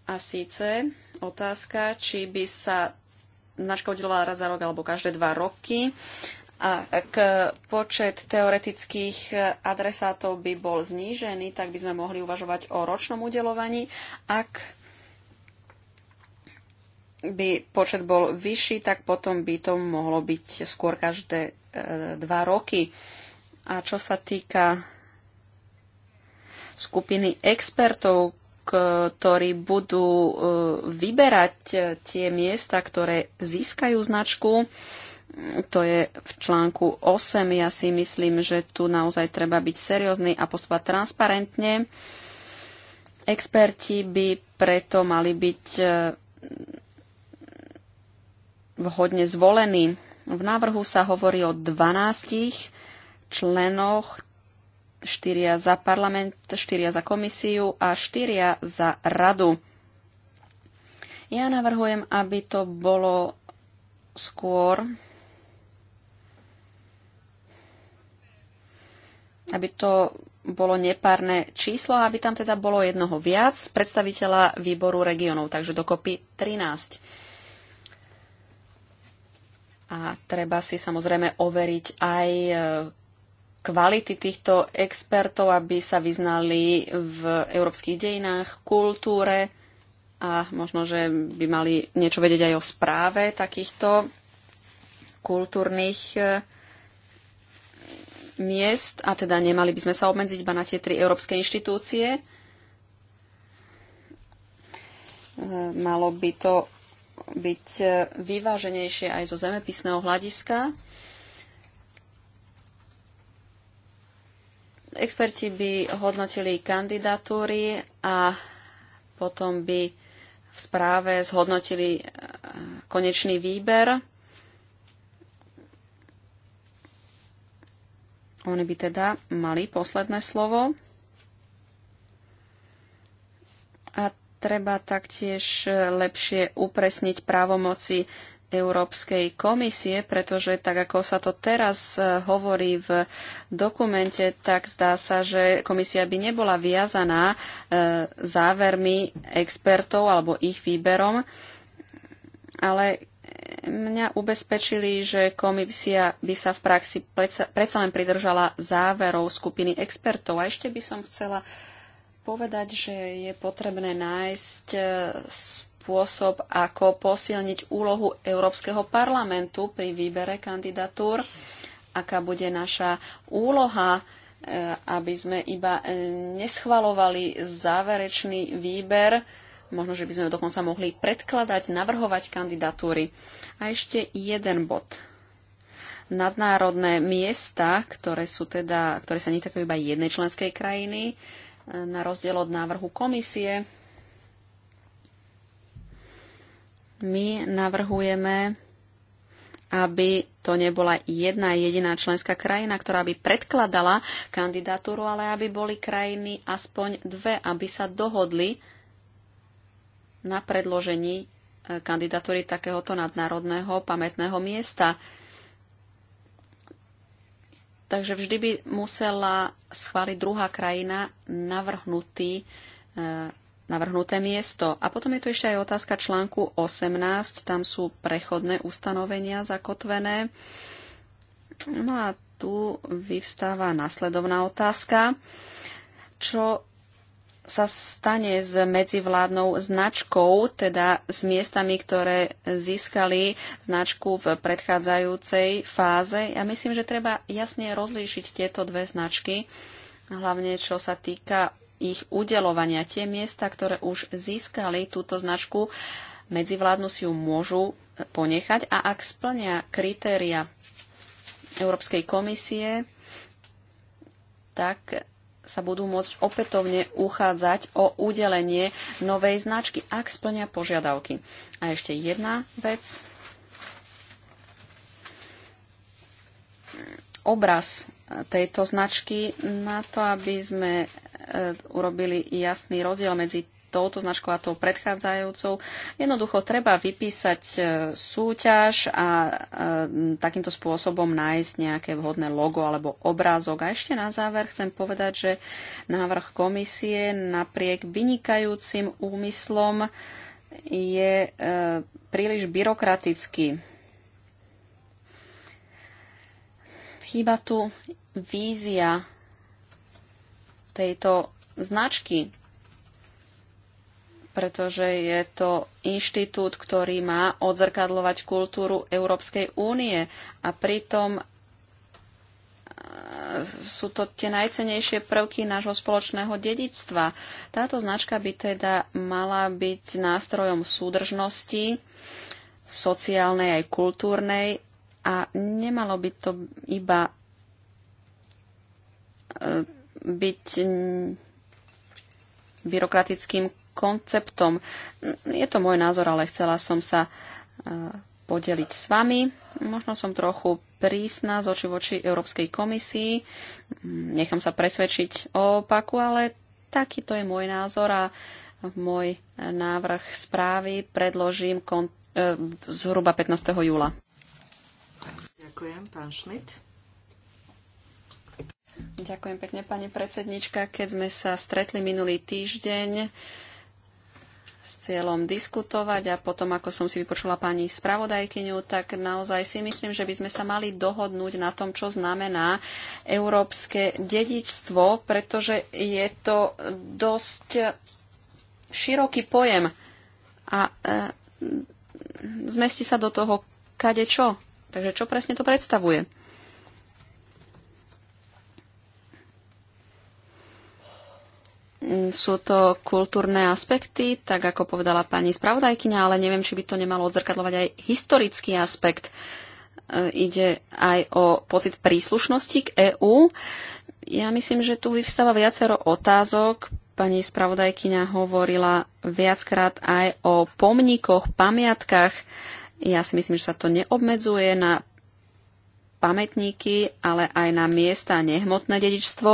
A síce otázka, či by sa značka udelovala raz za rok alebo každé dva roky. A ak počet teoretických adresátov by bol znížený, tak by sme mohli uvažovať o ročnom udelovaní. Ak by počet bol vyšší, tak potom by to mohlo byť skôr každé e, dva roky. A čo sa týka skupiny expertov, ktorí budú e, vyberať e, tie miesta, ktoré získajú značku. To je v článku 8. Ja si myslím, že tu naozaj treba byť seriózny a postupovať transparentne. Experti by preto mali byť e, vhodne zvolení. V návrhu sa hovorí o 12 členoch štyria za parlament, štyria za komisiu a štyria za radu. Ja navrhujem, aby to bolo skôr, aby to bolo nepárne číslo, aby tam teda bolo jednoho viac predstaviteľa výboru regionov, takže dokopy 13. A treba si samozrejme overiť aj e, kvality týchto expertov, aby sa vyznali v európskych dejinách, kultúre a možno, že by mali niečo vedieť aj o správe takýchto kultúrnych e, miest a teda nemali by sme sa obmedziť iba na tie tri európske inštitúcie. E, malo by to byť e, vyváženejšie aj zo zemepisného hľadiska. Experti by hodnotili kandidatúry a potom by v správe zhodnotili e, konečný výber. Oni by teda mali posledné slovo. A treba taktiež lepšie upresniť právomoci Európskej komisie, pretože tak ako sa to teraz e, hovorí v dokumente, tak zdá sa, že komisia by nebola viazaná e, závermi expertov alebo ich výberom, ale mňa ubezpečili, že komisia by sa v praxi predsa, predsa len pridržala záverov skupiny expertov. A ešte by som chcela povedať, že je potrebné nájsť e, spôsob, ako posilniť úlohu Európskeho parlamentu pri výbere kandidatúr, aká bude naša úloha, e, aby sme iba e, neschvalovali záverečný výber, možno, že by sme dokonca mohli predkladať, navrhovať kandidatúry. A ešte jeden bod. Nadnárodné miesta, ktoré, sú teda, ktoré sa netakujú iba jednej členskej krajiny, e, na rozdiel od návrhu komisie, My navrhujeme, aby to nebola jedna jediná členská krajina, ktorá by predkladala kandidatúru, ale aby boli krajiny aspoň dve, aby sa dohodli na predložení e, kandidatúry takéhoto nadnárodného pamätného miesta. Takže vždy by musela schváliť druhá krajina navrhnutý e, navrhnuté miesto. A potom je tu ešte aj otázka článku 18, tam sú prechodné ustanovenia zakotvené. No a tu vyvstáva nasledovná otázka. Čo sa stane s medzivládnou značkou, teda s miestami, ktoré získali značku v predchádzajúcej fáze. Ja myslím, že treba jasne rozlíšiť tieto dve značky, hlavne čo sa týka ich udelovania. Tie miesta, ktoré už získali túto značku, medzivládnu si ju môžu e, ponechať a ak splnia kritéria Európskej komisie, tak sa budú môcť opätovne uchádzať o udelenie novej značky, ak splňa požiadavky. A ešte jedna vec. Obraz tejto značky na to, aby sme E, urobili jasný rozdiel medzi touto značkou a tou predchádzajúcou. Jednoducho treba vypísať e, súťaž a e, takýmto spôsobom nájsť nejaké vhodné logo alebo obrázok. A ešte na záver chcem povedať, že návrh komisie napriek vynikajúcim úmyslom je príliš byrokratický. Chýba tu vízia tejto značky, pretože je to inštitút, ktorý má odzrkadlovať kultúru Európskej únie a pritom e, sú to tie najcenejšie prvky nášho spoločného dedičstva. Táto značka by teda mala byť nástrojom súdržnosti, sociálnej aj kultúrnej a nemalo by to iba e, byť mm, byrokratickým konceptom. Je to môj názor, ale chcela som sa e, podeliť s vami. Možno som trochu prísna z oči voči Európskej komisii. Nechám sa presvedčiť o opaku, ale takýto je môj názor a môj návrh správy predložím kon- e, zhruba 15. júla. Ďakujem, pán Schmidt. Ďakujem pekne, pani predsednička. Keď sme sa stretli minulý týždeň s cieľom diskutovať a potom, ako som si vypočula pani spravodajkyňu, tak naozaj si myslím, že by sme sa mali dohodnúť na tom, čo znamená európske dedičstvo, pretože je to dosť široký pojem a e, zmestí sa do toho kade čo. Takže čo presne to predstavuje? Mm, sú to kultúrne aspekty, tak ako povedala pani spravodajkyňa, ale neviem, či by to nemalo odzrkadlovať aj historický aspekt. E, ide aj o pocit príslušnosti k EÚ. Ja myslím, že tu vyvstáva viacero otázok. Pani spravodajkyňa hovorila viackrát aj o pomníkoch, pamiatkách. Ja si myslím, že sa to neobmedzuje na pamätníky, ale aj na miesta nehmotné dedičstvo.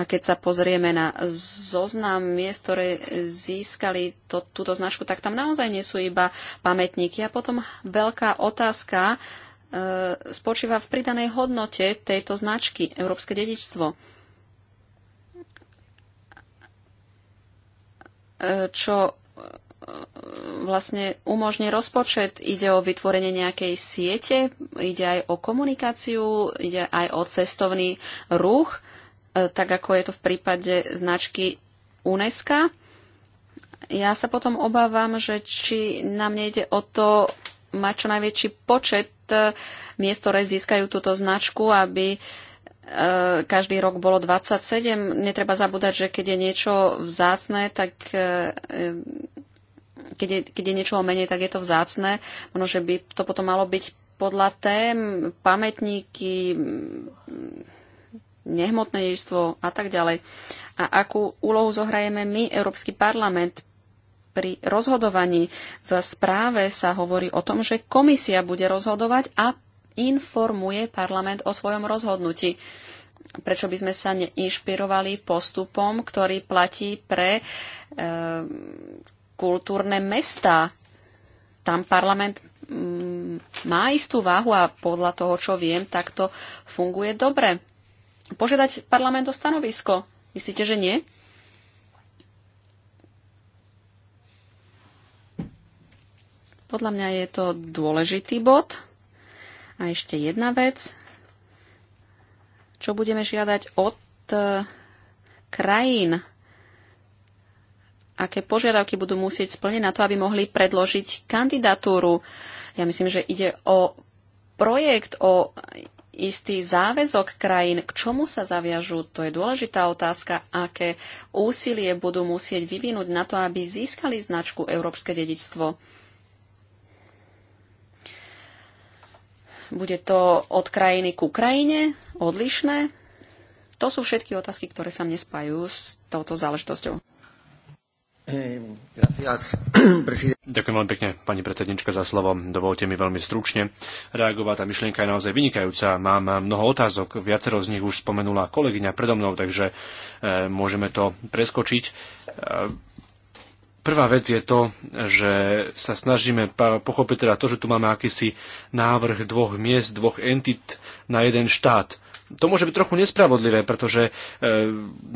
A keď sa pozrieme na zoznam miest, ktoré získali to, túto značku, tak tam naozaj nie sú iba pamätníky. A potom veľká otázka e, spočíva v pridanej hodnote tejto značky Európske dedičstvo. E, čo vlastne umožní rozpočet. Ide o vytvorenie nejakej siete, ide aj o komunikáciu, ide aj o cestovný ruch, e, tak ako je to v prípade značky UNESCO. Ja sa potom obávam, že či nám nejde o to mať čo najväčší počet e, miest, ktoré získajú túto značku, aby e, každý rok bolo 27. Netreba zabúdať, že keď je niečo vzácne, tak keď je, keď je niečoho menej, tak je to vzácne. Možno, že by to potom malo byť podľa tém, pamätníky, nehmotnejstvo a tak ďalej. A akú úlohu zohrajeme my, Európsky parlament, pri rozhodovaní. V správe sa hovorí o tom, že komisia bude rozhodovať a informuje parlament o svojom rozhodnutí. Prečo by sme sa neinšpirovali postupom, ktorý platí pre e, kultúrne mesta. Tam parlament mm, má istú váhu a podľa toho, čo viem, tak to funguje dobre. Požiadať parlament o stanovisko. Myslíte, že nie? Podľa mňa je to dôležitý bod. A ešte jedna vec. Čo budeme žiadať od eh, krajín, aké požiadavky budú musieť splniť na to, aby mohli predložiť kandidatúru. Ja myslím, že ide o projekt, o istý záväzok krajín, k čomu sa zaviažú, to je dôležitá otázka, aké úsilie budú musieť vyvinúť na to, aby získali značku Európske dedičstvo. Bude to od krajiny ku krajine odlišné? To sú všetky otázky, ktoré sa mne spajú s touto záležitosťou. Ďakujem veľmi pekne, pani predsednička, za slovo. Dovolte mi veľmi stručne reagovať. Tá myšlienka je naozaj vynikajúca. Mám mnoho otázok, viacero z nich už spomenula kolegyňa predo mnou, takže e, môžeme to preskočiť. E, prvá vec je to, že sa snažíme pochopiť teda to, že tu máme akýsi návrh dvoch miest, dvoch entit na jeden štát to môže byť trochu nespravodlivé, pretože e,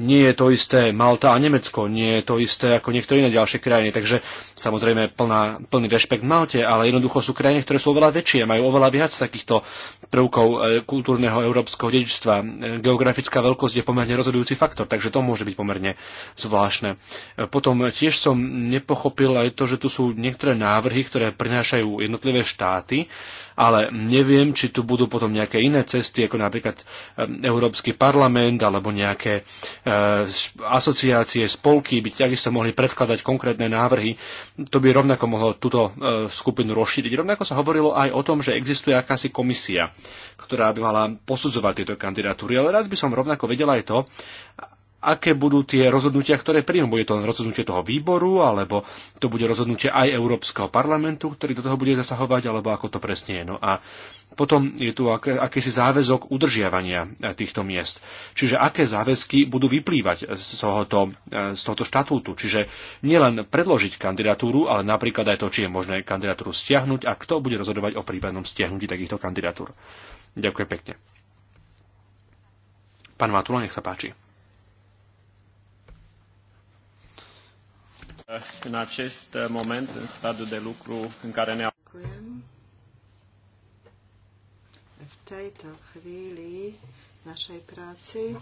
nie je to isté Malta a Nemecko, nie je to isté ako niektoré iné ďalšie krajiny, takže samozrejme plná, plný rešpekt Malte, ale jednoducho sú krajiny, ktoré sú oveľa väčšie, majú oveľa viac takýchto prvkov e, kultúrneho európskeho dedičstva. E, geografická veľkosť je pomerne rozhodujúci faktor, takže to môže byť pomerne zvláštne. E, potom tiež som nepochopil aj to, že tu sú niektoré návrhy, ktoré prinášajú jednotlivé štáty, ale neviem, či tu budú potom nejaké iné cesty, ako napríklad e, Európsky parlament alebo nejaké e, asociácie, spolky by takisto mohli predkladať konkrétne návrhy. To by rovnako mohlo túto e, skupinu rozšíriť. Rovnako sa hovorilo aj o tom, že existuje akási komisia, ktorá by mala posudzovať tieto kandidatúry, ale rád by som rovnako vedel aj to, aké budú tie rozhodnutia, ktoré príjmu. Bude to len rozhodnutie toho výboru, alebo to bude rozhodnutie aj Európskeho parlamentu, ktorý do toho bude zasahovať, alebo ako to presne je. No a potom je tu ak- akýsi záväzok udržiavania e, týchto miest. Čiže aké záväzky budú vyplývať z tohoto, e, z tohoto štatútu. Čiže nielen predložiť kandidatúru, ale napríklad aj to, či je možné kandidatúru stiahnuť a kto bude rozhodovať o prípadnom stiahnutí takýchto kandidatúr. Ďakujem pekne. Pán Matula, nech sa páči. Eh, în acest eh, moment, în stadiul de lucru în care ne aflăm. V tejto chvíli našej práci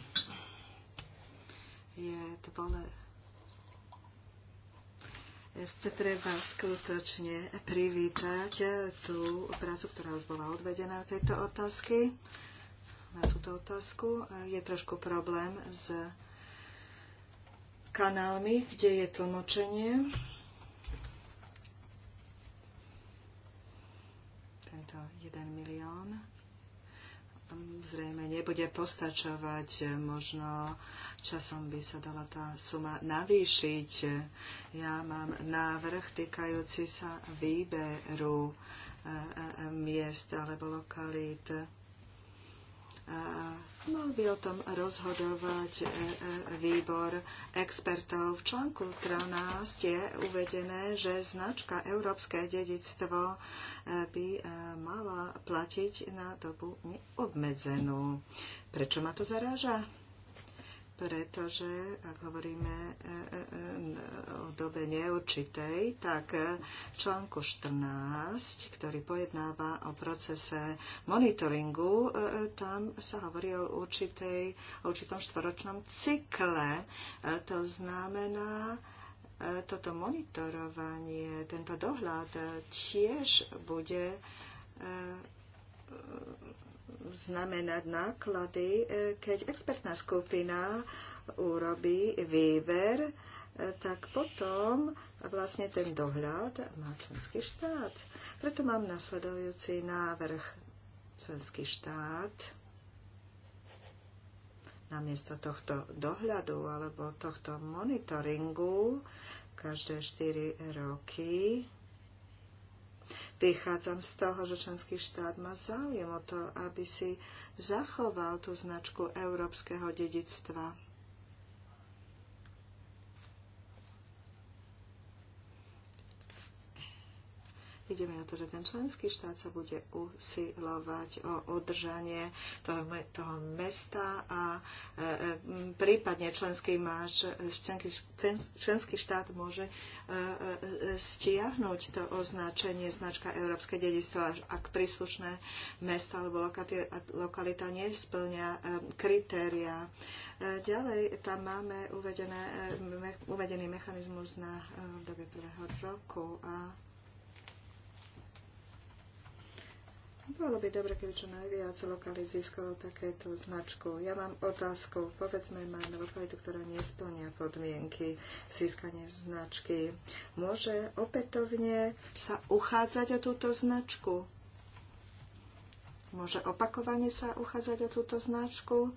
je treba skutočne privítať tú prácu, ktorá už bola odvedená v tejto otázky. Na túto otázku je eh, trošku problém s kanálmi, kde je tlmočenie. Tento 1 milión zrejme nebude postačovať. Možno časom by sa dala tá suma navýšiť. Ja mám návrh týkajúci sa výberu e, e, miest alebo lokalít mal no, by o tom rozhodovať e, e, výbor expertov. V článku 13 je uvedené, že značka Európske dedictvo e, by mala platiť na dobu neobmedzenú. Prečo ma to zaráža? pretože ak hovoríme e, e, e, o dobe neurčitej, tak v článku 14, ktorý pojednáva o procese monitoringu, tam sa hovorí o, určitej, o určitom štvoročnom cykle. To znamená, toto monitorovanie, tento dohľad tiež bude znamenať náklady, e, keď expertná skupina urobí výber, e, tak potom vlastne ten dohľad má členský štát. Preto mám nasledujúci návrh. Členský štát namiesto tohto dohľadu alebo tohto monitoringu každé 4 roky Vychádzam z toho, že členský štát má záujem o to, aby si zachoval tú značku európskeho dedictva ideme na to, že ten členský štát sa bude usilovať o održanie toho, toho mesta a e, prípadne členský, máš, členský, členský štát môže e, e, stiahnuť to označenie značka Európske dedictvo, ak príslušné mesto alebo lokalita nesplňa kritéria. Ďalej tam máme uvedené, uvedený mechanizmus na obdobie prvého roku a Bolo by dobre, keby čo najviac lokalit získalo takéto značku. Ja mám otázku. Povedzme, máme lokalitu, ktorá nesplňa podmienky získania značky. Môže opätovne sa uchádzať o túto značku? Môže opakovane sa uchádzať o túto značku?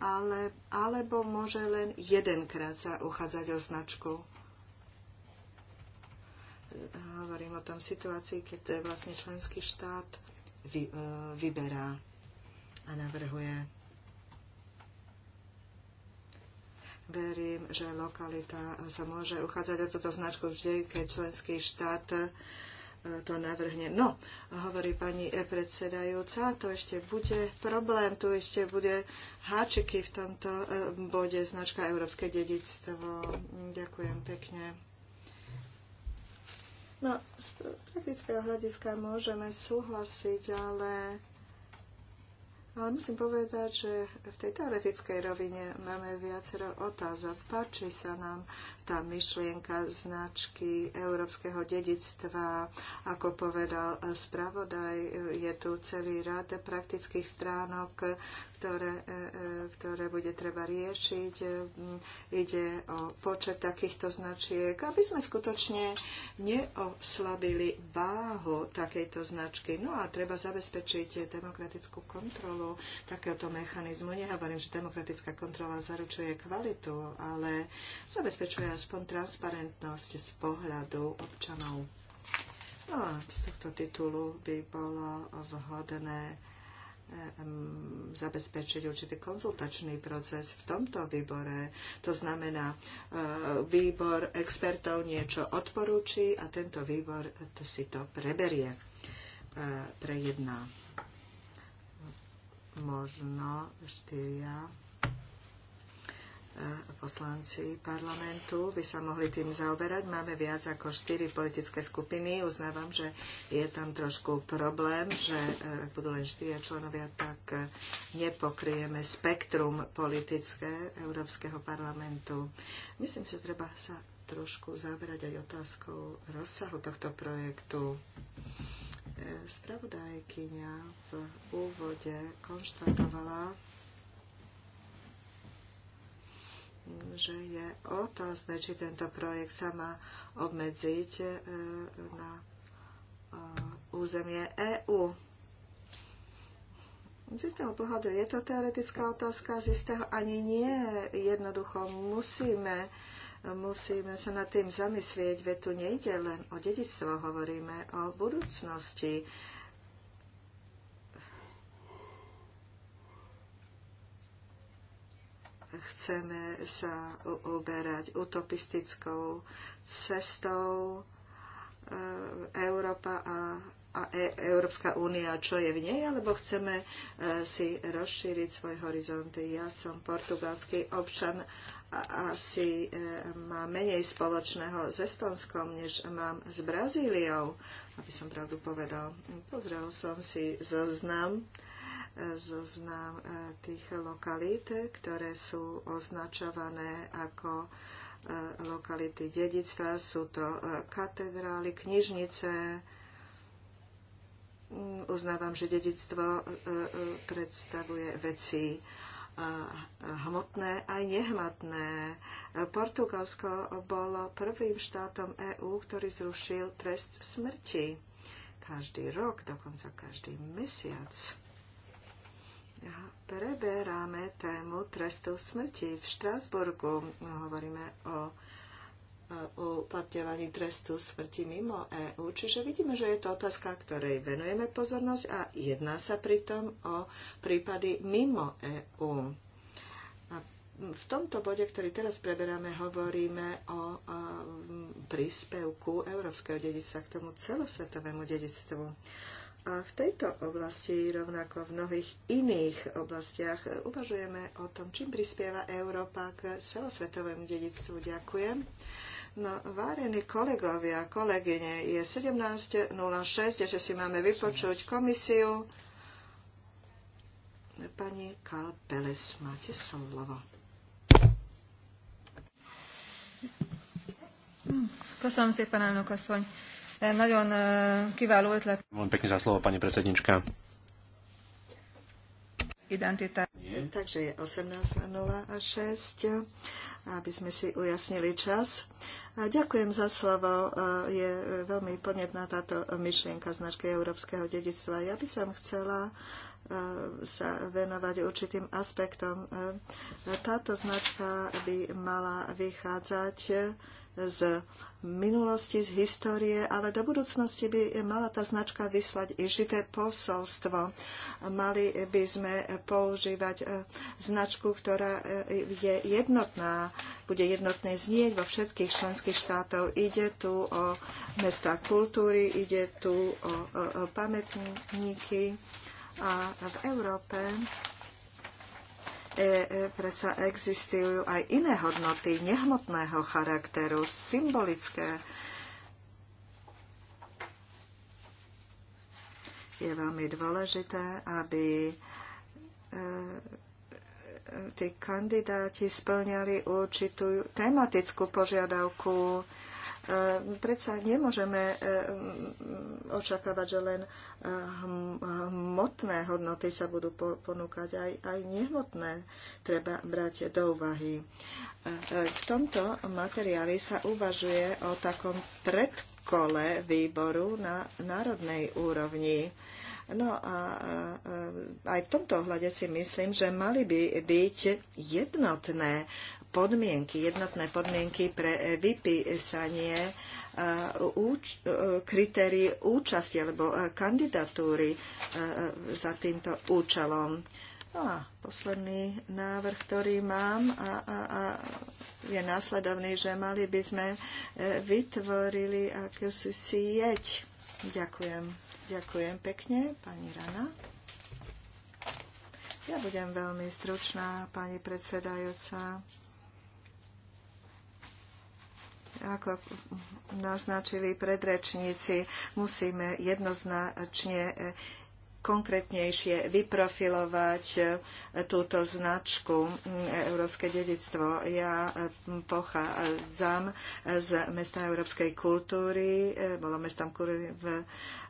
Ale, alebo môže len jedenkrát sa uchádzať o značku? hovorím o tom situácii, keď vlastne členský štát vy, e, vyberá a navrhuje. Verím, že lokalita sa môže uchádzať o túto značku vždy, keď členský štát e, to navrhne. No, hovorí pani e, predsedajúca, to ešte bude problém, tu ešte bude háčiky v tomto bode značka Európske dedictvo. Ďakujem pekne. No, z praktického hľadiska môžeme súhlasiť, ale, ale musím povedať, že v tej teoretickej rovine máme viacero otázok. Páči sa nám tá myšlienka značky európskeho dedictva, ako povedal e, spravodaj, e, je tu celý rad praktických stránok, ktoré, e, ktoré bude treba riešiť. Ide o počet takýchto značiek, aby sme skutočne neoslabili váhu takejto značky. No a treba zabezpečiť demokratickú kontrolu takéhoto mechanizmu. Nehovorím, že demokratická kontrola zaručuje kvalitu, ale zabezpečuje aspoň transparentnosť z pohľadu občanov. No a z tohto titulu by bolo vhodné zabezpečiť určitý konzultačný proces v tomto výbore. To znamená, e, výbor expertov niečo odporúči a tento výbor to si to preberie, e, prejedná. Možno štyria poslanci parlamentu by sa mohli tým zaoberať. Máme viac ako štyri politické skupiny. Uznávam, že je tam trošku problém, že ak e, budú len štyria členovia, tak e, nepokryjeme spektrum politické Európskeho parlamentu. Myslím, že treba sa trošku zaoberať aj otázkou rozsahu tohto projektu. E, spravodajkyňa v úvode konštatovala, že je otázne, či tento projekt sa má obmedziť e, na e, územie EÚ. Z istého pohľadu je to teoretická otázka, z istého ani nie. Jednoducho musíme, musíme sa nad tým zamyslieť, veď tu nejde len o dedictvo, hovoríme o budúcnosti chceme sa uberať utopistickou cestou. E, Európa a a e- Európska únia, čo je v nej, alebo chceme e, si rozšíriť svoj horizont. Ja som portugalský občan a asi e, má menej spoločného s Estonskom, než mám s Brazíliou, aby som pravdu povedal. Pozrel som si zoznam e, zoznam e, tých lokalít, ktoré sú označované ako e, lokality dedictva. Sú to e, katedrály, knižnice. Mm, uznávam, že dedictvo predstavuje veci hmotné aj nehmatné. Portugalsko bolo prvým štátom EÚ, ktorý zrušil trest smrti. Každý rok, dokonca každý mesiac preberáme tému trestu smrti. V Štrásburgu no, hovoríme o uplatňovaní trestu smrti mimo EÚ. Čiže vidíme, že je to otázka, ktorej venujeme pozornosť a jedná sa pritom o prípady mimo EÚ. v tomto bode, ktorý teraz preberáme, hovoríme o príspevku Európskeho dedictva k tomu celosvetovému dedictvu. A v tejto oblasti, rovnako v mnohých iných oblastiach, uvažujeme o tom, čím prispieva Európa k celosvetovému dedictvu. Ďakujem. No, várení kolegovia, kolegyne, je 17.06, že si máme vypočuť komisiu. Pani Kalpeles, máte slovo. Köszönöm szépen, elnök asszony. E, nagyon e, kiváló ötlet. Veľmi pekne za slovo, pani predsednička. Identita. Takže je 18.06, aby sme si ujasnili čas. ďakujem za slovo. E, je veľmi podnetná táto myšlienka značky Európskeho dedictva. Ja by som chcela sa venovať určitým aspektom. Táto značka by mala vychádzať z minulosti, z histórie, ale do budúcnosti by mala tá značka vyslať ižité posolstvo. Mali by sme používať e, značku, ktorá e, je jednotná, bude jednotné znieť vo všetkých členských štátov. Ide tu o mesta kultúry, ide tu o pamätníky a v Európe E e predsa existujú aj iné hodnoty nehmotného charakteru, symbolické. Je veľmi dôležité, aby e, tí kandidáti splňali určitú tematickú požiadavku Ehm, predsa nemôžeme ehm, očakávať, že len ehm, hmotné hodnoty sa budú ponúkať, aj, aj nehmotné treba brať do úvahy. V tomto materiáli sa uvažuje o takom predkole výboru na národnej úrovni. No a aj v tomto ohľade si myslím, že mali by byť jednotné podmienky, jednotné podmienky pre vypísanie eh, úč- eh, kritérií účasti alebo eh, kandidatúry za týmto účelom. No a posledný návrh, ktorý mám a, a, a je následovný, že mali by sme vytvorili akúsi sieť. Ďakujem. Ďakujem pekne, pani Rana. Ja budem veľmi stručná, pani predsedajúca ako naznačili predrečníci, musíme jednoznačne e, konkrétnejšie vyprofilovať e, túto značku e, Európske dedictvo. Ja pochádzam z mesta európskej kultúry, bolo mestom kultúry v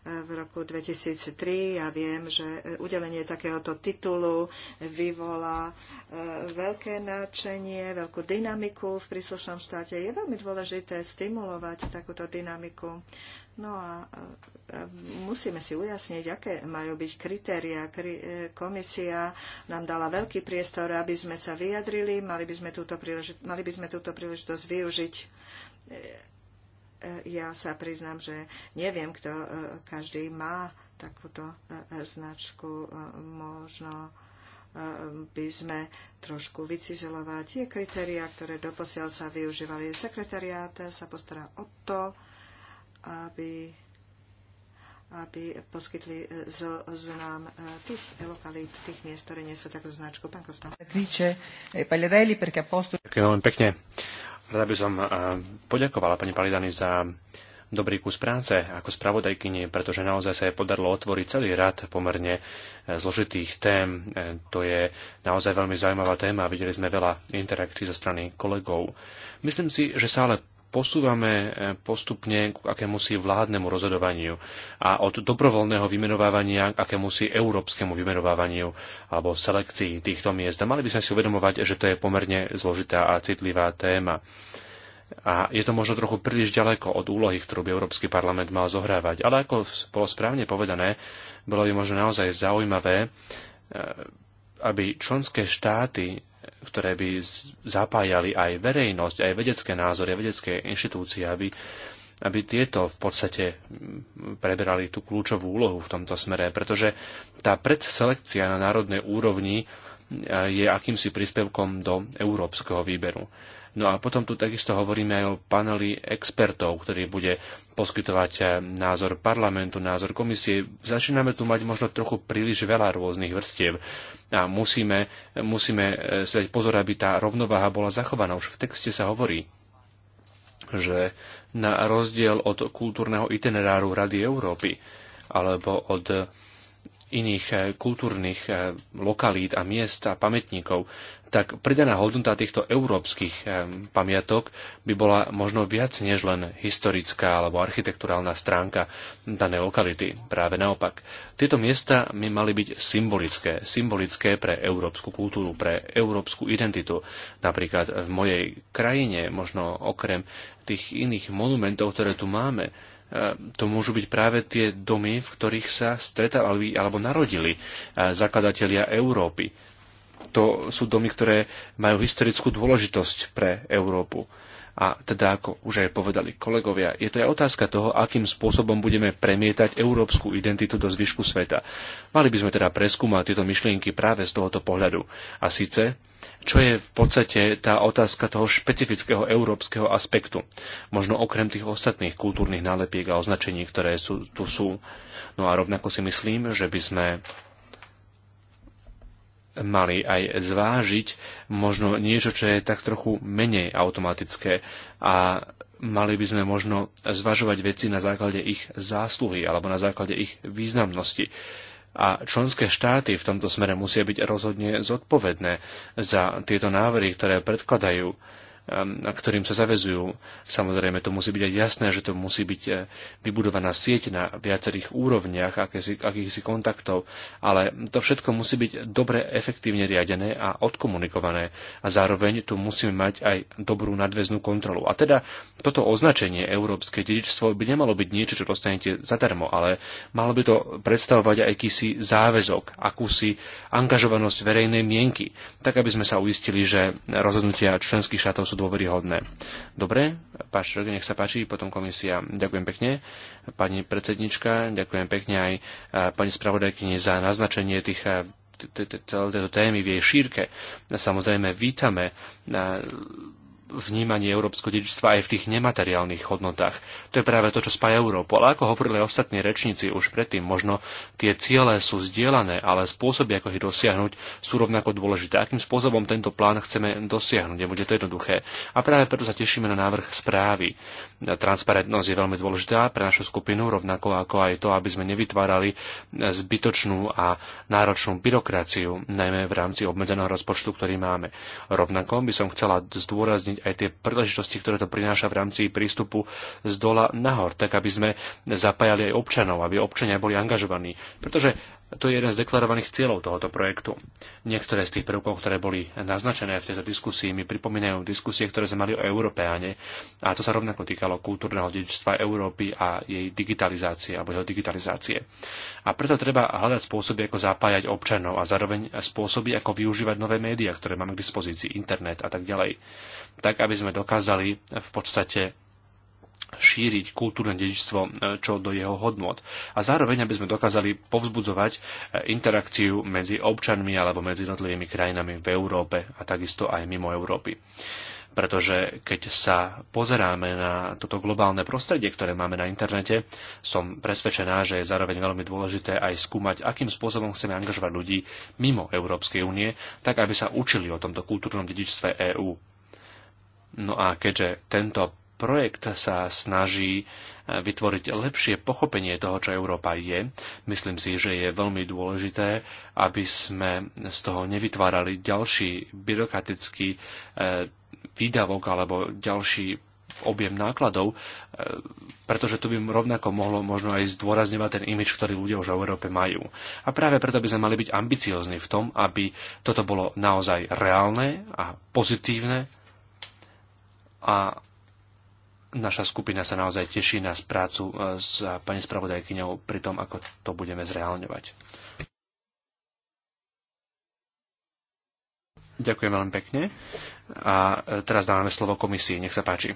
v roku 2003. Ja viem, že e, udelenie takéhoto titulu vyvolá e, veľké náčenie, veľkú dynamiku v príslušnom štáte. Je veľmi dôležité stimulovať takúto dynamiku. No a e, musíme si ujasniť, aké majú byť kritéria. Komisia nám dala veľký priestor, aby sme sa vyjadrili, mali by sme túto, mali by sme túto príležitosť využiť E, ja sa priznám, že neviem, kto e, každý má takúto e, značku. Možno by sme trošku vycizelovať tie kritériá, ktoré doposiaľ sa využívali. Sekretariát sa postará o to, aby, aby poskytli zoznam tých lokalít, tých miest, ktoré nie sú takú značku. Pán Kosta. Ďakujem veľmi pekne. Rada by som e, poďakovala pani Palidany za dobrý kus práce ako spravodajkyni, pretože naozaj sa jej podarilo otvoriť celý rad pomerne e, zložitých tém. E, to je naozaj veľmi zaujímavá téma a videli sme veľa interakcií zo strany kolegov. Myslím si, že sa ale posúvame e, postupne k akémusi vládnemu rozhodovaniu a od dobrovoľného vymenovávania k akémusi európskemu vymenovávaniu alebo selekcii týchto miest. A mali by sme si uvedomovať, že to je pomerne zložitá a citlivá téma. A je to možno trochu príliš ďaleko od úlohy, ktorú by Európsky parlament mal zohrávať. Ale ako bolo správne povedané, bolo by možno naozaj zaujímavé, e, aby členské štáty ktoré by zapájali aj verejnosť, aj vedecké názory, aj vedecké inštitúcie, aby, aby tieto v podstate mm, preberali tú kľúčovú úlohu v tomto smere, pretože tá predselekcia na národnej úrovni e, je akýmsi príspevkom do európskeho výberu. No a potom tu takisto hovoríme aj o paneli expertov, ktorý bude poskytovať eh, názor parlamentu, názor komisie. Začíname tu mať možno trochu príliš veľa rôznych vrstiev a musíme, musíme eh, sa dať pozor, aby tá rovnováha bola zachovaná. Už v texte sa hovorí, že na rozdiel od kultúrneho itineráru Rady Európy alebo od eh, iných kultúrnych lokalít a miest a pamätníkov tak pridaná hodnota týchto európskych eh, pamiatok by bola možno viac než len historická alebo architekturálna stránka danej lokality. Práve naopak. Tieto miesta by mali byť symbolické. Symbolické pre európsku kultúru, pre európsku identitu. Napríklad v mojej krajine, možno okrem tých iných monumentov, ktoré tu máme, eh, to môžu byť práve tie domy, v ktorých sa stretávali alebo narodili eh, zakladatelia Európy to sú domy, ktoré majú historickú dôležitosť pre Európu. A teda, ako už aj povedali kolegovia, je to aj otázka toho, akým spôsobom budeme premietať európsku identitu do zvyšku sveta. Mali by sme teda preskúmať tieto myšlienky práve z tohoto pohľadu. A síce, čo je v podstate tá otázka toho špecifického európskeho aspektu. Možno okrem tých ostatných kultúrnych nálepiek a označení, ktoré sú, tu sú. No a rovnako si myslím, že by sme mali aj zvážiť možno niečo, čo je tak trochu menej automatické a mali by sme možno zvažovať veci na základe ich zásluhy alebo na základe ich významnosti. A členské štáty v tomto smere musia byť rozhodne zodpovedné za tieto návrhy, ktoré predkladajú Um, ktorým sa zavezujú. Samozrejme, to musí byť aj jasné, že to musí byť eh, vybudovaná sieť na viacerých úrovniach, akýchsi kontaktov, ale to všetko musí byť dobre, efektívne riadené a odkomunikované. A zároveň tu musíme mať aj dobrú nadväznú kontrolu. A teda toto označenie európske dedičstvo by nemalo byť niečo, čo dostanete zadarmo, ale malo by to predstavovať aj akýsi záväzok, akúsi angažovanosť verejnej mienky, tak aby sme sa uistili, že rozhodnutia členských štátov sú sú dôveryhodné. Dobre, pán Šrg, nech sa páči, potom komisia. Ďakujem pekne. Pani predsednička, ďakujem pekne aj pani spravodajkyni za naznačenie tých celé tejto témy v jej šírke. Samozrejme, vítame vnímanie európskeho dedičstva aj v tých nemateriálnych hodnotách. To je práve to, čo spája Európu. Ale ako hovorili ostatní rečníci už predtým, možno tie ciele sú zdieľané, ale spôsoby, ako ich dosiahnuť, sú rovnako dôležité. Akým spôsobom tento plán chceme dosiahnuť? Nebude to jednoduché. A práve preto sa tešíme na návrh správy. Transparentnosť je veľmi dôležitá pre našu skupinu, rovnako ako aj to, aby sme nevytvárali zbytočnú a náročnú byrokraciu, najmä v rámci obmedzeného rozpočtu, ktorý máme. Rovnako by som chcela zdôrazniť aj tie príležitosti, ktoré to prináša v rámci prístupu z dola nahor, tak aby sme zapájali aj občanov, aby občania boli angažovaní. Pretože to je jeden z deklarovaných cieľov tohoto projektu. Niektoré z tých prvkov, ktoré boli naznačené v tejto diskusii, mi pripomínajú diskusie, ktoré sme mali o Európeáne a to sa rovnako týkalo kultúrneho dedičstva Európy a jej digitalizácie alebo jeho digitalizácie. A preto treba hľadať spôsoby, ako zapájať občanov a zároveň spôsoby, ako využívať nové médiá, ktoré máme k dispozícii, internet a tak ďalej, tak aby sme dokázali v podstate šíriť kultúrne dedičstvo e, čo do jeho hodnot a zároveň, aby sme dokázali povzbudzovať e, interakciu medzi občanmi alebo medzi jednotlivými krajinami v Európe a takisto aj mimo Európy pretože keď sa pozeráme na toto globálne prostredie, ktoré máme na internete, som presvedčená, že je zároveň veľmi dôležité aj skúmať, akým spôsobom chceme angažovať ľudí mimo Európskej únie, tak aby sa učili o tomto kultúrnom dedičstve EÚ. No a keďže tento projekt sa snaží eh, vytvoriť lepšie pochopenie toho, čo Európa je. Myslím si, že je veľmi dôležité, aby sme z toho nevytvárali ďalší byrokratický eh, výdavok alebo ďalší objem nákladov, eh, pretože to by rovnako mohlo možno aj zdôrazňovať ten imič, ktorý ľudia už v Európe majú. A práve preto by sme mali byť ambiciozni v tom, aby toto bolo naozaj reálne a pozitívne a naša skupina sa naozaj teší na prácu e, s pani spravodajkyňou pri tom, ako to budeme zreálňovať. Ďakujem veľmi pekne. A e, teraz dávame slovo komisii. Nech sa páči.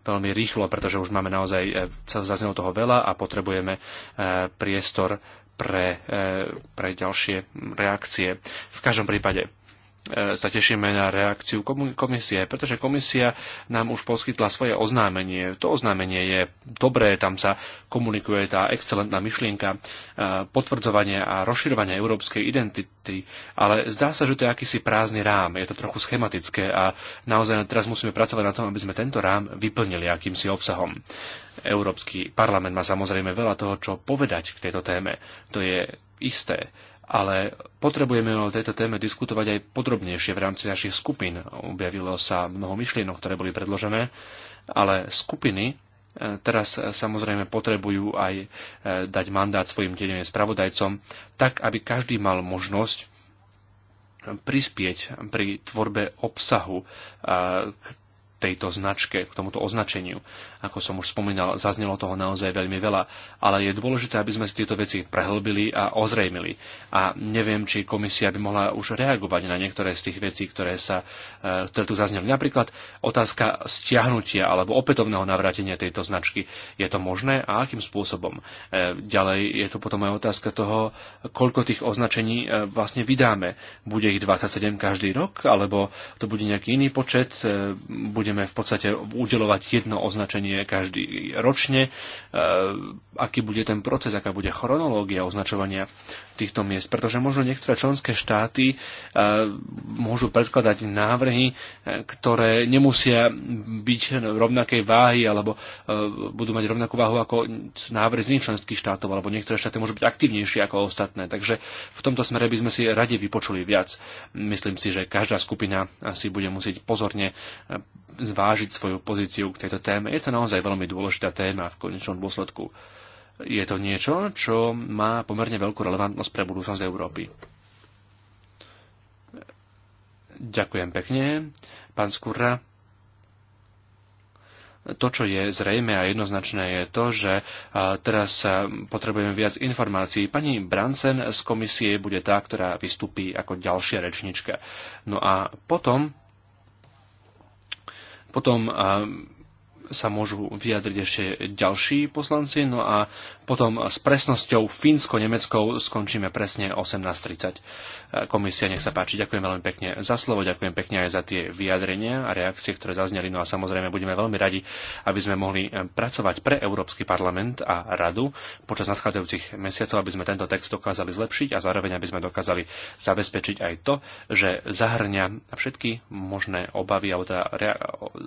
Veľmi rýchlo, pretože už máme naozaj, e, zaznelo toho veľa a potrebujeme priestor pre, pre ďalšie reakcie. V každom prípade E, sa tešíme na reakciu komisie, pretože komisia nám už poskytla svoje oznámenie. To oznámenie je dobré, tam sa komunikuje tá excelentná myšlienka e, potvrdzovania a rozširovania európskej identity, ale zdá sa, že to je akýsi prázdny rám, je to trochu schematické a naozaj teraz musíme pracovať na tom, aby sme tento rám vyplnili akýmsi obsahom. Európsky parlament má samozrejme veľa toho, čo povedať k tejto téme. To je isté, ale potrebujeme o tejto téme diskutovať aj podrobnejšie v rámci našich skupín. Objavilo sa mnoho myšlienok, ktoré boli predložené, ale skupiny e, teraz samozrejme potrebujú aj e, dať mandát svojim tieňovým spravodajcom, tak aby každý mal možnosť prispieť pri tvorbe obsahu e, k tejto značke, k tomuto označeniu. Ako som už spomínal, zaznelo toho naozaj veľmi veľa, ale je dôležité, aby sme si tieto veci prehlbili a ozrejmili. A neviem, či komisia by mohla už reagovať na niektoré z tých vecí, ktoré, sa, e, ktoré tu zazneli. Napríklad otázka stiahnutia alebo opätovného navrátenia tejto značky. Je to možné a akým spôsobom? E, ďalej je tu potom aj otázka toho, koľko tých označení e, vlastne vydáme. Bude ich 27 každý rok, alebo to bude nejaký iný počet? Budeme v podstate udelovať jedno označenie označovanie každý ročne, eh, aký bude ten proces, aká bude chronológia označovania týchto miest, pretože možno niektoré členské štáty eh, môžu predkladať návrhy, eh, ktoré nemusia byť rovnakej váhy alebo budú mať rovnakú váhu ako návrhy z iných členských štátov, alebo niektoré štáty môžu byť aktívnejšie ako ostatné. Takže v tomto smere by sme si radi vypočuli viac. Myslím si, že každá skupina si bude musieť pozorne zvážiť svoju pozíciu k tejto téme. Je to naozaj veľmi dôležitá téma v konečnom dôsledku. Je to niečo, čo má pomerne veľkú relevantnosť pre budúcnosť Európy. Ďakujem pekne. Pán Skurra, to, čo je zrejme a jednoznačné, je to, že teraz potrebujeme viac informácií. Pani Bransen z komisie bude tá, ktorá vystupí ako ďalšia rečnička. No a potom potom sa môžu vyjadriť ešte ďalší poslanci. No a potom s presnosťou fínsko-nemeckou skončíme presne 18.30. Komisia, nech sa páči, ďakujem veľmi pekne za slovo, ďakujem pekne aj za tie vyjadrenia a reakcie, ktoré zazneli. No a samozrejme budeme veľmi radi, aby sme mohli eh, pracovať pre Európsky parlament a radu počas nadchádzajúcich mesiacov, aby sme tento text dokázali zlepšiť a zároveň aby sme dokázali zabezpečiť aj to, že zahrňa všetky možné obavy alebo teda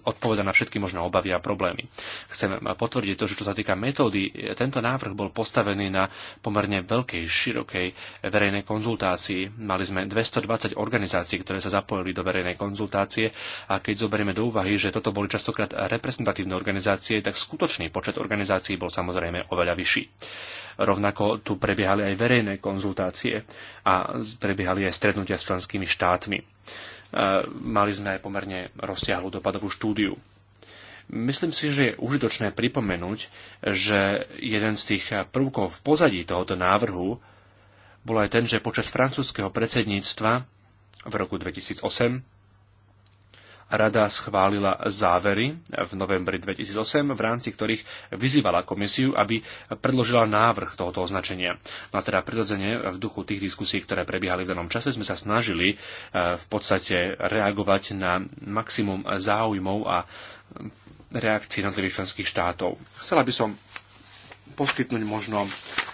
odpoveda na všetky možné obavy a problémy problémy. Chcem potvrdiť to, že čo sa týka metódy, tento návrh bol postavený na pomerne veľkej, širokej verejnej konzultácii. Mali sme 220 organizácií, ktoré sa zapojili do verejnej konzultácie a keď zoberieme do úvahy, že toto boli častokrát reprezentatívne organizácie, tak skutočný počet organizácií bol samozrejme oveľa vyšší. Rovnako tu prebiehali aj verejné konzultácie a prebiehali aj stretnutia s členskými štátmi e, mali sme aj pomerne rozsiahlu dopadovú štúdiu. Myslím si, že je užitočné pripomenúť, že jeden z tých prvkov v pozadí tohoto návrhu bol aj ten, že počas francúzského predsedníctva v roku 2008 Rada schválila závery v novembri 2008, v rámci ktorých vyzývala komisiu, aby predložila návrh tohoto označenia. No a teda prirodzene v duchu tých diskusí, ktoré prebiehali v danom čase, sme sa snažili eh, v podstate reagovať na maximum záujmov a reakcií jednotlivých členských štátov. Chcela by som poskytnúť možno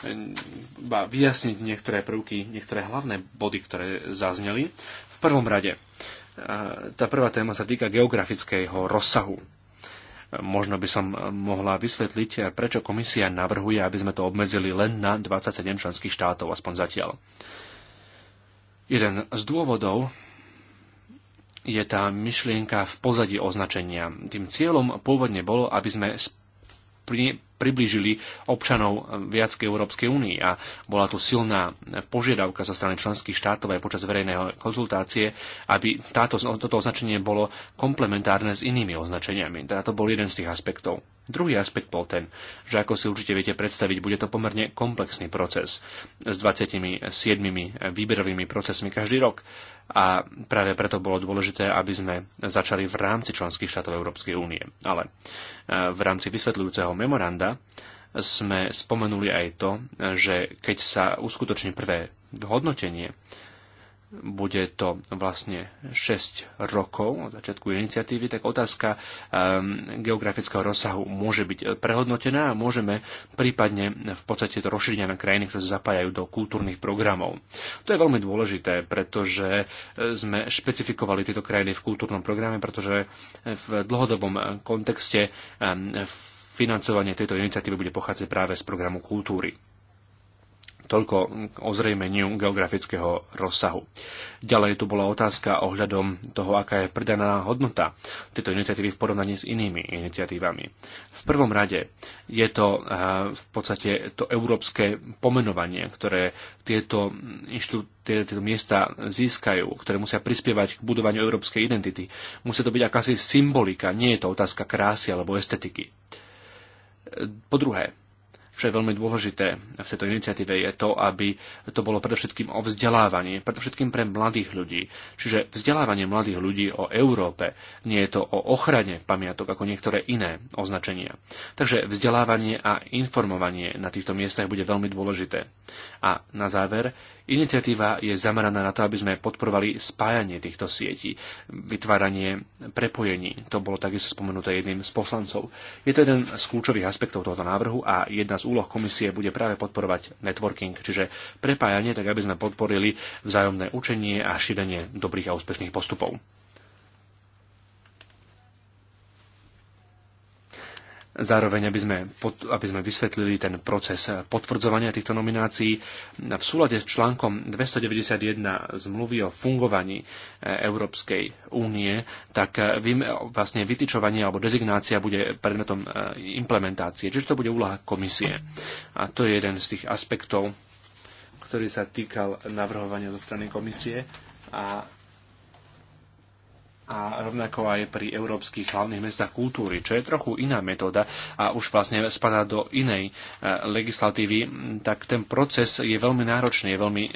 mm, iba vyjasniť niektoré prvky, niektoré hlavné body, ktoré zazneli. V prvom rade, eh, tá prvá téma sa týka geografického rozsahu. Možno by som mohla vysvetliť, eh, prečo komisia navrhuje, aby sme to obmedzili len na 27 členských štátov, aspoň zatiaľ. Jeden z dôvodov je tá myšlienka v pozadí označenia. Tým cieľom pôvodne bolo, aby sme priblížili občanov viac k Európskej únii a bola tu silná požiadavka zo strany členských štátov aj počas verejného konzultácie, aby táto, toto označenie bolo komplementárne s inými označeniami. Teda to bol jeden z tých aspektov. Druhý aspekt bol ten, že ako si určite viete predstaviť, bude to pomerne komplexný proces s 27 výberovými procesmi každý rok a práve preto bolo dôležité, aby sme začali v rámci členských štátov Európskej únie. Ale e, v rámci vysvetľujúceho memoranda sme spomenuli aj to, že keď sa uskutoční prvé hodnotenie bude to vlastne 6 rokov od začiatku iniciatívy, tak otázka ehm, geografického rozsahu môže byť prehodnotená a môžeme prípadne v podstate to rozšíriť na krajiny, ktoré sa zapájajú do kultúrnych programov. To je veľmi dôležité, pretože eh, sme špecifikovali tieto krajiny v kultúrnom programe, pretože v dlhodobom kontexte ehm, financovanie tejto iniciatívy bude pochádzať práve z programu kultúry. Toľko k ozrejmeniu geografického rozsahu. Ďalej tu bola otázka ohľadom toho, aká je pridaná hodnota tejto iniciatívy v porovnaní s inými iniciatívami. V prvom rade je to eh, v podstate to európske pomenovanie, ktoré tieto, tieto miesta získajú, ktoré musia prispievať k budovaniu európskej identity. Musí to byť akási symbolika, nie je to otázka krásy alebo estetiky. Po druhé, čo je veľmi dôležité v tejto iniciatíve, je to, aby to bolo predovšetkým o vzdelávaní, predovšetkým pre mladých ľudí. Čiže vzdelávanie mladých ľudí o Európe, nie je to o ochrane pamiatok ako niektoré iné označenia. Takže vzdelávanie a informovanie na týchto miestach bude veľmi dôležité. A na záver, iniciatíva je zameraná na to, aby sme podporovali spájanie týchto sietí, vytváranie prepojení. To bolo takisto spomenuté jedným z poslancov. Je to jeden z kľúčových aspektov tohoto návrhu a jedna z úloh komisie bude práve podporovať networking, čiže prepájanie, tak aby sme podporili vzájomné učenie a šírenie dobrých a úspešných postupov. Zároveň, aby sme, pod, aby sme vysvetlili ten proces potvrdzovania týchto nominácií, v súlade s článkom 291 zmluvy o fungovaní e, Európskej únie, tak e, vlastne vytyčovanie alebo dezignácia bude predmetom e, implementácie, čiže to bude úloha komisie. A to je jeden z tých aspektov, ktorý sa týkal navrhovania zo strany komisie a a rovnako aj pri európskych hlavných mestách kultúry, čo je trochu iná metóda a už vlastne spadá do inej e, legislatívy, tak ten proces je veľmi náročný, je veľmi e,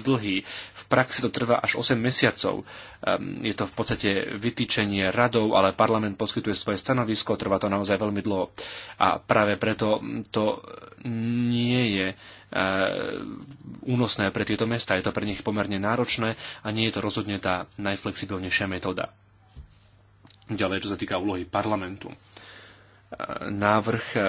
dlhý. V praxi to trvá až 8 mesiacov. Ehm, je to v podstate vytýčenie radov, ale parlament poskytuje svoje stanovisko, trvá to naozaj veľmi dlho. A práve preto to nie je Eh, únosné pre tieto mesta. Je to pre nich pomerne náročné a nie je to rozhodne tá najflexibilnejšia metóda. Ďalej, čo sa týka úlohy parlamentu eh, návrh eh,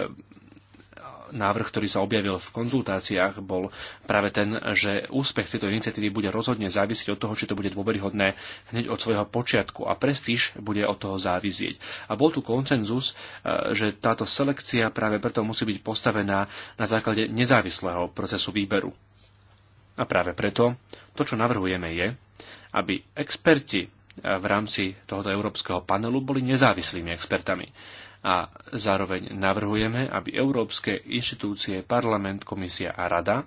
návrh, ktorý sa objavil v konzultáciách, bol práve ten, že úspech tejto iniciatívy bude rozhodne závisieť od toho, či to bude dôveryhodné hneď od svojho počiatku a prestíž bude od toho závisieť. A bol tu koncenzus, e, že táto selekcia práve preto musí byť postavená na základe nezávislého procesu výberu. A práve preto to, čo navrhujeme, je, aby experti e, v rámci tohoto európskeho panelu boli nezávislými expertami a zároveň navrhujeme, aby európske inštitúcie, parlament, komisia a rada e,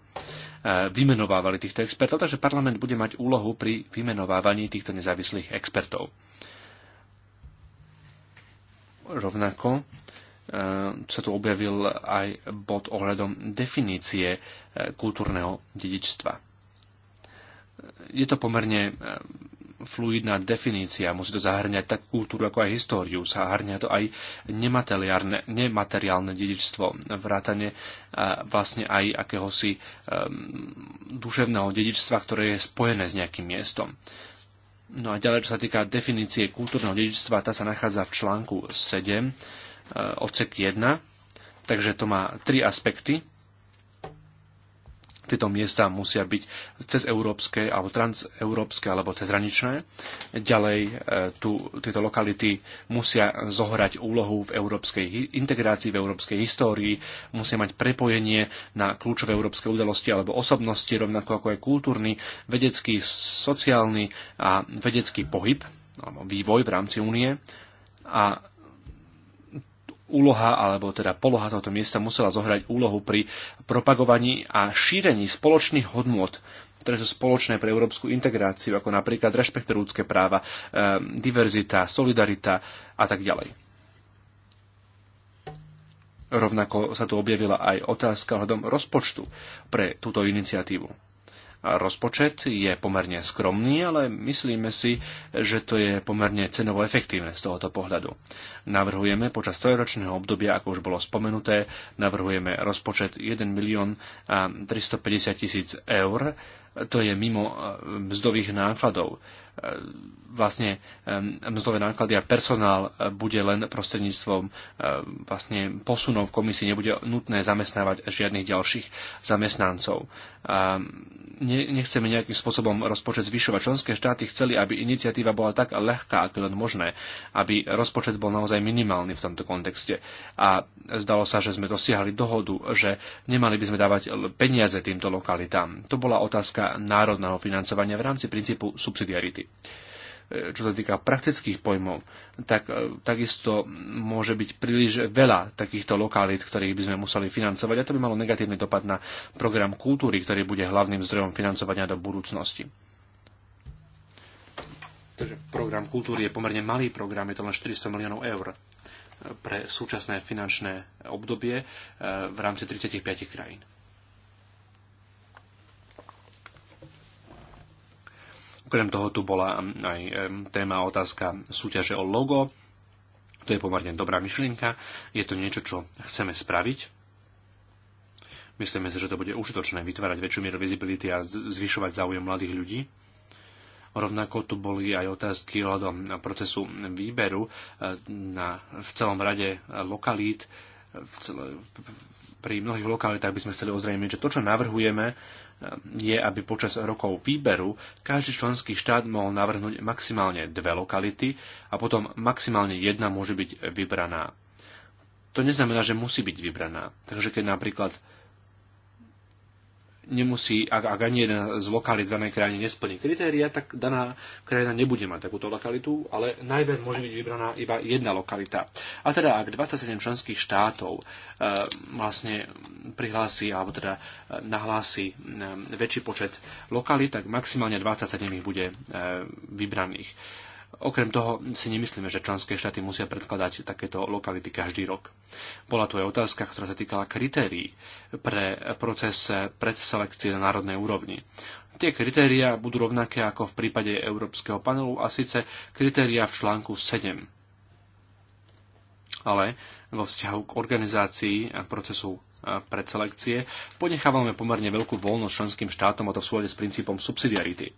vymenovávali týchto expertov, takže parlament bude mať úlohu pri vymenovávaní týchto nezávislých expertov. Rovnako e, sa tu objavil aj bod ohľadom definície e, kultúrneho dedičstva. Je to pomerne fluidná definícia, musí to zahrňať tak kultúru, ako aj históriu, zahrňa to aj nemateriálne, nemateriálne dedičstvo, vrátane e, vlastne aj akéhosi um, duševného dedičstva, ktoré je spojené s nejakým miestom. No a ďalej, čo sa týka definície kultúrneho dedičstva, tá sa nachádza v článku 7, e, odsek 1, takže to má tri aspekty. Tieto miesta musia byť cez európske alebo transeurópske alebo cezhraničné. Ďalej e, tu, tieto lokality musia zohrať úlohu v európskej integrácii, v európskej histórii, musia mať prepojenie na kľúčové európske udalosti alebo osobnosti, rovnako ako aj kultúrny, vedecký, sociálny a vedecký pohyb alebo vývoj v rámci únie a úloha alebo teda poloha tohto miesta musela zohrať úlohu pri propagovaní a šírení spoločných hodnôt ktoré sú spoločné pre európsku integráciu, ako napríklad rešpekt pre ľudské práva, eh, diverzita, solidarita a tak ďalej. Rovnako sa tu objavila aj otázka hľadom rozpočtu pre túto iniciatívu. Rozpočet je pomerne skromný, ale myslíme si, že to je pomerne cenovo efektívne z tohoto pohľadu. Navrhujeme počas trojročného obdobia, ako už bolo spomenuté, navrhujeme rozpočet 1 milión 350 tisíc eur, to je mimo eh, mzdových nákladov eh, vlastne mzdové náklady a personál eh, bude len prostredníctvom vlastne posunov v komisii, nebude nutné zamestnávať žiadnych ďalších zamestnancov a nechceme nejakým spôsobom rozpočet zvyšovať. Členské štáty chceli, aby iniciatíva bola tak ľahká, ako len možné, aby rozpočet bol naozaj minimálny v tomto kontexte. A zdalo sa, že sme dosiahli dohodu, že nemali by sme dávať peniaze týmto lokalitám. To bola otázka národného financovania v rámci princípu subsidiarity čo sa týka praktických pojmov, tak e, takisto môže byť príliš veľa takýchto lokalít, ktorých by sme museli financovať a to by malo negatívny dopad na program kultúry, ktorý bude hlavným zdrojom financovania do budúcnosti. Takže program kultúry je pomerne malý program, je to len 400 miliónov eur e, pre súčasné finančné obdobie e, v rámci 35 krajín. Okrem toho tu bola mm, aj téma otázka súťaže o logo. To je pomerne dobrá myšlienka. Je to niečo, čo chceme spraviť. Myslíme si, že to bude užitočné vytvárať väčšiu mieru visibility a zvyšovať záujem mladých ľudí. Rovnako tu boli aj otázky ohľadom procesu výberu eh, na, v celom rade lokalít, v celé, pri mnohých lokalitách by sme chceli ozrejmiť, že to, čo navrhujeme, eh, je, aby počas rokov výberu každý členský štát mohol navrhnúť maximálne dve lokality a potom maximálne jedna môže byť vybraná. To neznamená, že musí byť vybraná. Takže keď napríklad nemusí, ak, ak ani jeden z lokalít v danej krajine nesplní kritéria, tak daná krajina nebude mať takúto lokalitu, ale najviac môže byť vybraná iba jedna lokalita. A teda ak 27 členských štátov e, vlastne prihlási alebo teda e, nahlási e, väčší počet lokalít, tak maximálne 27 ich bude e, vybraných Okrem toho si nemyslíme, že členské štáty musia predkladať takéto lokality každý rok. Bola tu aj otázka, ktorá sa týkala kritérií pre proces predselekcie na národnej úrovni. Tie kritéria budú rovnaké ako v prípade Európskeho panelu a síce kritéria v článku 7. Ale vo vzťahu k organizácii procesu e, predselekcie ponechávame pomerne veľkú voľnosť členským štátom a to v súlade s princípom subsidiarity e,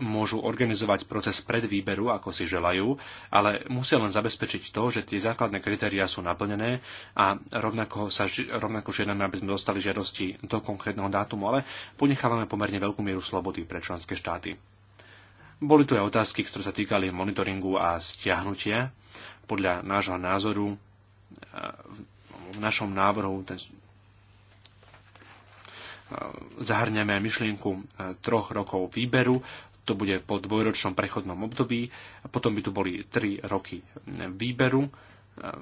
môžu organizovať proces predvýberu, ako si želajú, ale musia len zabezpečiť to, že tie základné kritériá sú naplnené a rovnako, sa, rovnako žiadame, aby sme dostali žiadosti do konkrétneho dátumu, ale ponechávame pomerne veľkú mieru slobody pre členské štáty. Boli tu aj otázky, ktoré sa týkali monitoringu a stiahnutia. Podľa nášho názoru e, v našom návrhu ten, e, zahrňame myšlienku e, troch rokov výberu to bude po dvojročnom prechodnom období, potom by tu boli 3 roky výberu, e,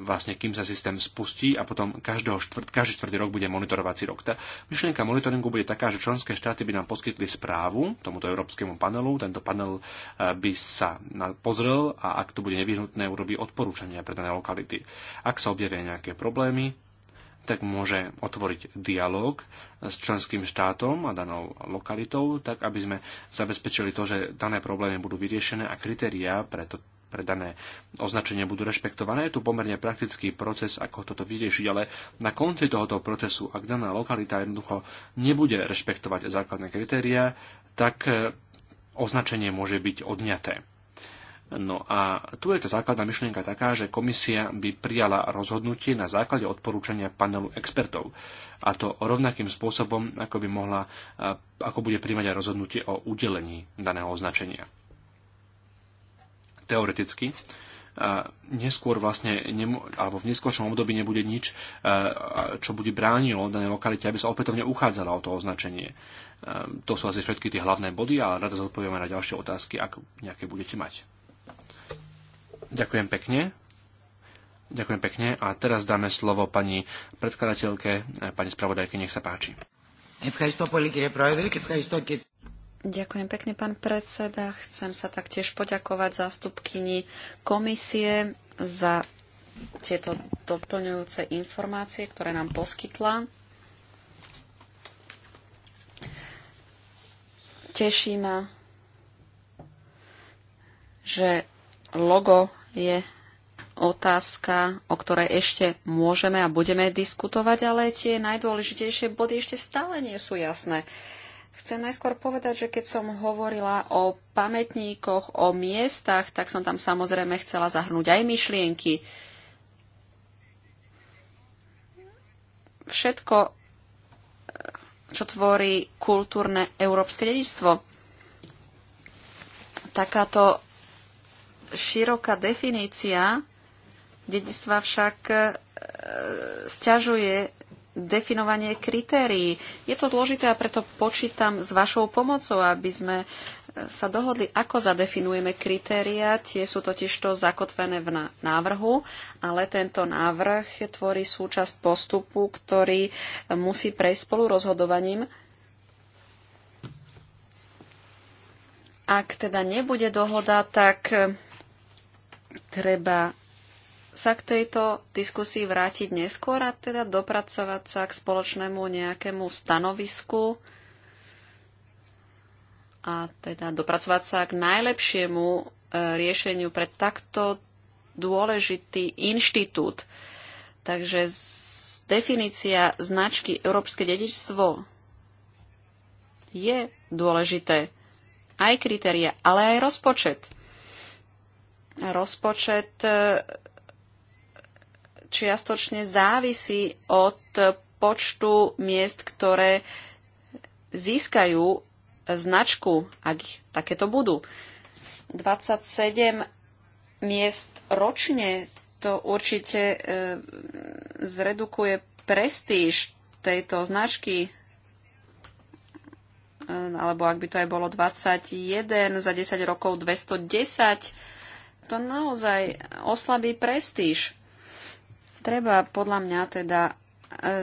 vlastne kým sa systém spustí a potom každého štvrt, každý čtvrtý rok bude monitorovací rok. Tá myšlienka monitoringu bude taká, že členské štáty by nám poskytli správu tomuto európskemu panelu. Tento panel e, by sa pozrel a ak to bude nevyhnutné, urobí odporúčania pre dané lokality. Ak sa objavia nejaké problémy, tak môže otvoriť dialog s členským štátom a danou lokalitou, tak aby sme zabezpečili to, že dané problémy budú vyriešené a kritériá pre, to, pre dané označenie budú rešpektované. Je tu pomerne praktický proces, ako toto vyriešiť, ale na konci tohoto procesu, ak daná lokalita jednoducho nebude rešpektovať základné kritéria, tak eh, označenie môže byť odňaté. No a tu je tá základná myšlienka taká, že komisia by prijala rozhodnutie na základe odporúčania panelu expertov. A to rovnakým spôsobom, ako by mohla, ako bude príjmať aj rozhodnutie o udelení daného označenia. Teoreticky, neskôr vlastne, alebo v neskôršom období nebude nič, čo bude bránilo danej lokalite, aby sa opätovne uchádzala o to označenie. To sú asi všetky tie hlavné body, ale rada zodpovieme na ďalšie otázky, ak nejaké budete mať. Ďakujem pekne. Ďakujem pekne. A teraz dáme slovo pani predkladateľke, eh, pani spravodajke, nech sa páči. Ďakujem pekne, pán predseda. Chcem sa taktiež poďakovať zástupkyni komisie za tieto doplňujúce informácie, ktoré nám poskytla. Teší ma, že logo je otázka, o ktorej ešte môžeme a budeme diskutovať, ale tie najdôležitejšie body ešte stále nie sú jasné. Chcem najskôr povedať, že keď som hovorila o pamätníkoch, o miestach, tak som tam samozrejme chcela zahrnúť aj myšlienky. Všetko, čo tvorí kultúrne európske dedičstvo. Takáto široká definícia dedictva však e, sťažuje definovanie kritérií. Je to zložité a preto počítam s vašou pomocou, aby sme e, sa dohodli, ako zadefinujeme kritéria. Tie sú totiž to zakotvené v návrhu, ale tento návrh tvorí súčasť postupu, ktorý e, musí prejsť spolu rozhodovaním. Ak teda nebude dohoda, tak treba sa k tejto diskusii vrátiť neskôr a teda dopracovať sa k spoločnému nejakému stanovisku a teda dopracovať sa k najlepšiemu e, riešeniu pre takto dôležitý inštitút. Takže definícia značky Európske dedičstvo je dôležité. Aj kritéria, ale aj rozpočet rozpočet e, čiastočne závisí od počtu miest, ktoré získajú značku, ak takéto budú. 27 miest ročne to určite e, zredukuje prestíž tejto značky e, alebo ak by to aj bolo 21, za 10 rokov 210 to naozaj oslabí prestíž. Treba podľa mňa teda e,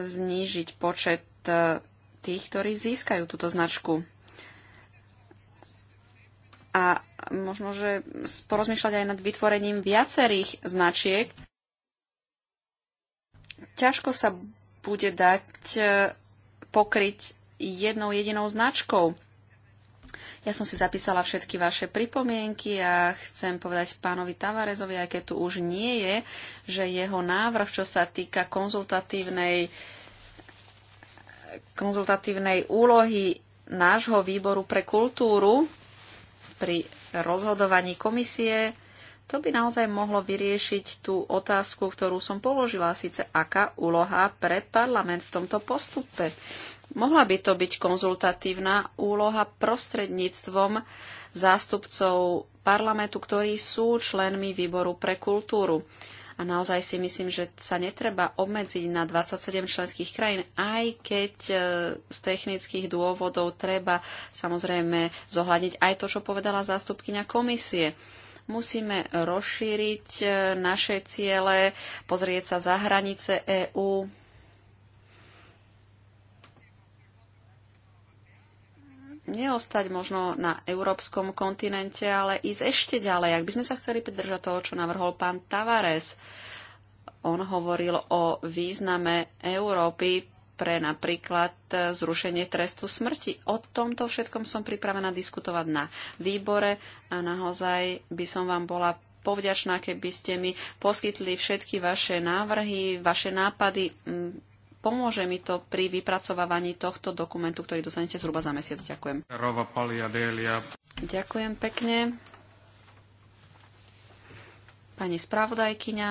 znížiť počet e, tých, ktorí získajú túto značku. A možno, že porozmýšľať aj nad vytvorením viacerých značiek. Ťažko sa bude dať e, pokryť jednou jedinou značkou. Ja som si zapísala všetky vaše pripomienky a chcem povedať pánovi Tavarezovi, aj keď tu už nie je, že jeho návrh, čo sa týka konzultatívnej, konzultatívnej úlohy nášho výboru pre kultúru pri rozhodovaní komisie, to by naozaj mohlo vyriešiť tú otázku, ktorú som položila, síce aká úloha pre parlament v tomto postupe. Mohla by to byť konzultatívna úloha prostredníctvom zástupcov parlamentu, ktorí sú členmi výboru pre kultúru. A naozaj si myslím, že sa netreba obmedziť na 27 členských krajín, aj keď e, z technických dôvodov treba samozrejme zohľadniť aj to, čo povedala zástupkyňa komisie. Musíme rozšíriť e, naše ciele, pozrieť sa za hranice EÚ, neostať možno na európskom kontinente, ale ísť ešte ďalej. Ak by sme sa chceli pridržať toho, čo navrhol pán Tavares, on hovoril o význame Európy pre napríklad zrušenie trestu smrti. O tomto všetkom som pripravená diskutovať na výbore a naozaj by som vám bola povďačná, keby ste mi poskytli všetky vaše návrhy, vaše nápady mm, pomôže mi to pri vypracovávaní tohto dokumentu, ktorý dostanete zhruba za mesiac. Ďakujem. Ďakujem pekne. Pani spravodajkyňa,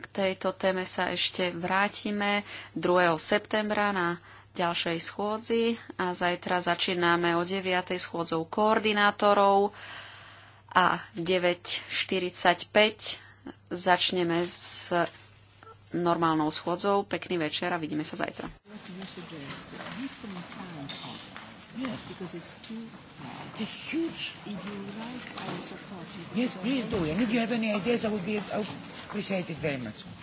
k tejto téme sa ešte vrátime 2. septembra na ďalšej schôdzi a zajtra začíname o 9. schôdzou koordinátorov a 9.45 začneme s normálnou schôdzou. Pekný večer a vidíme sa zajtra. Yes. please do. And if you have any ideas, I would be I would appreciate it very much.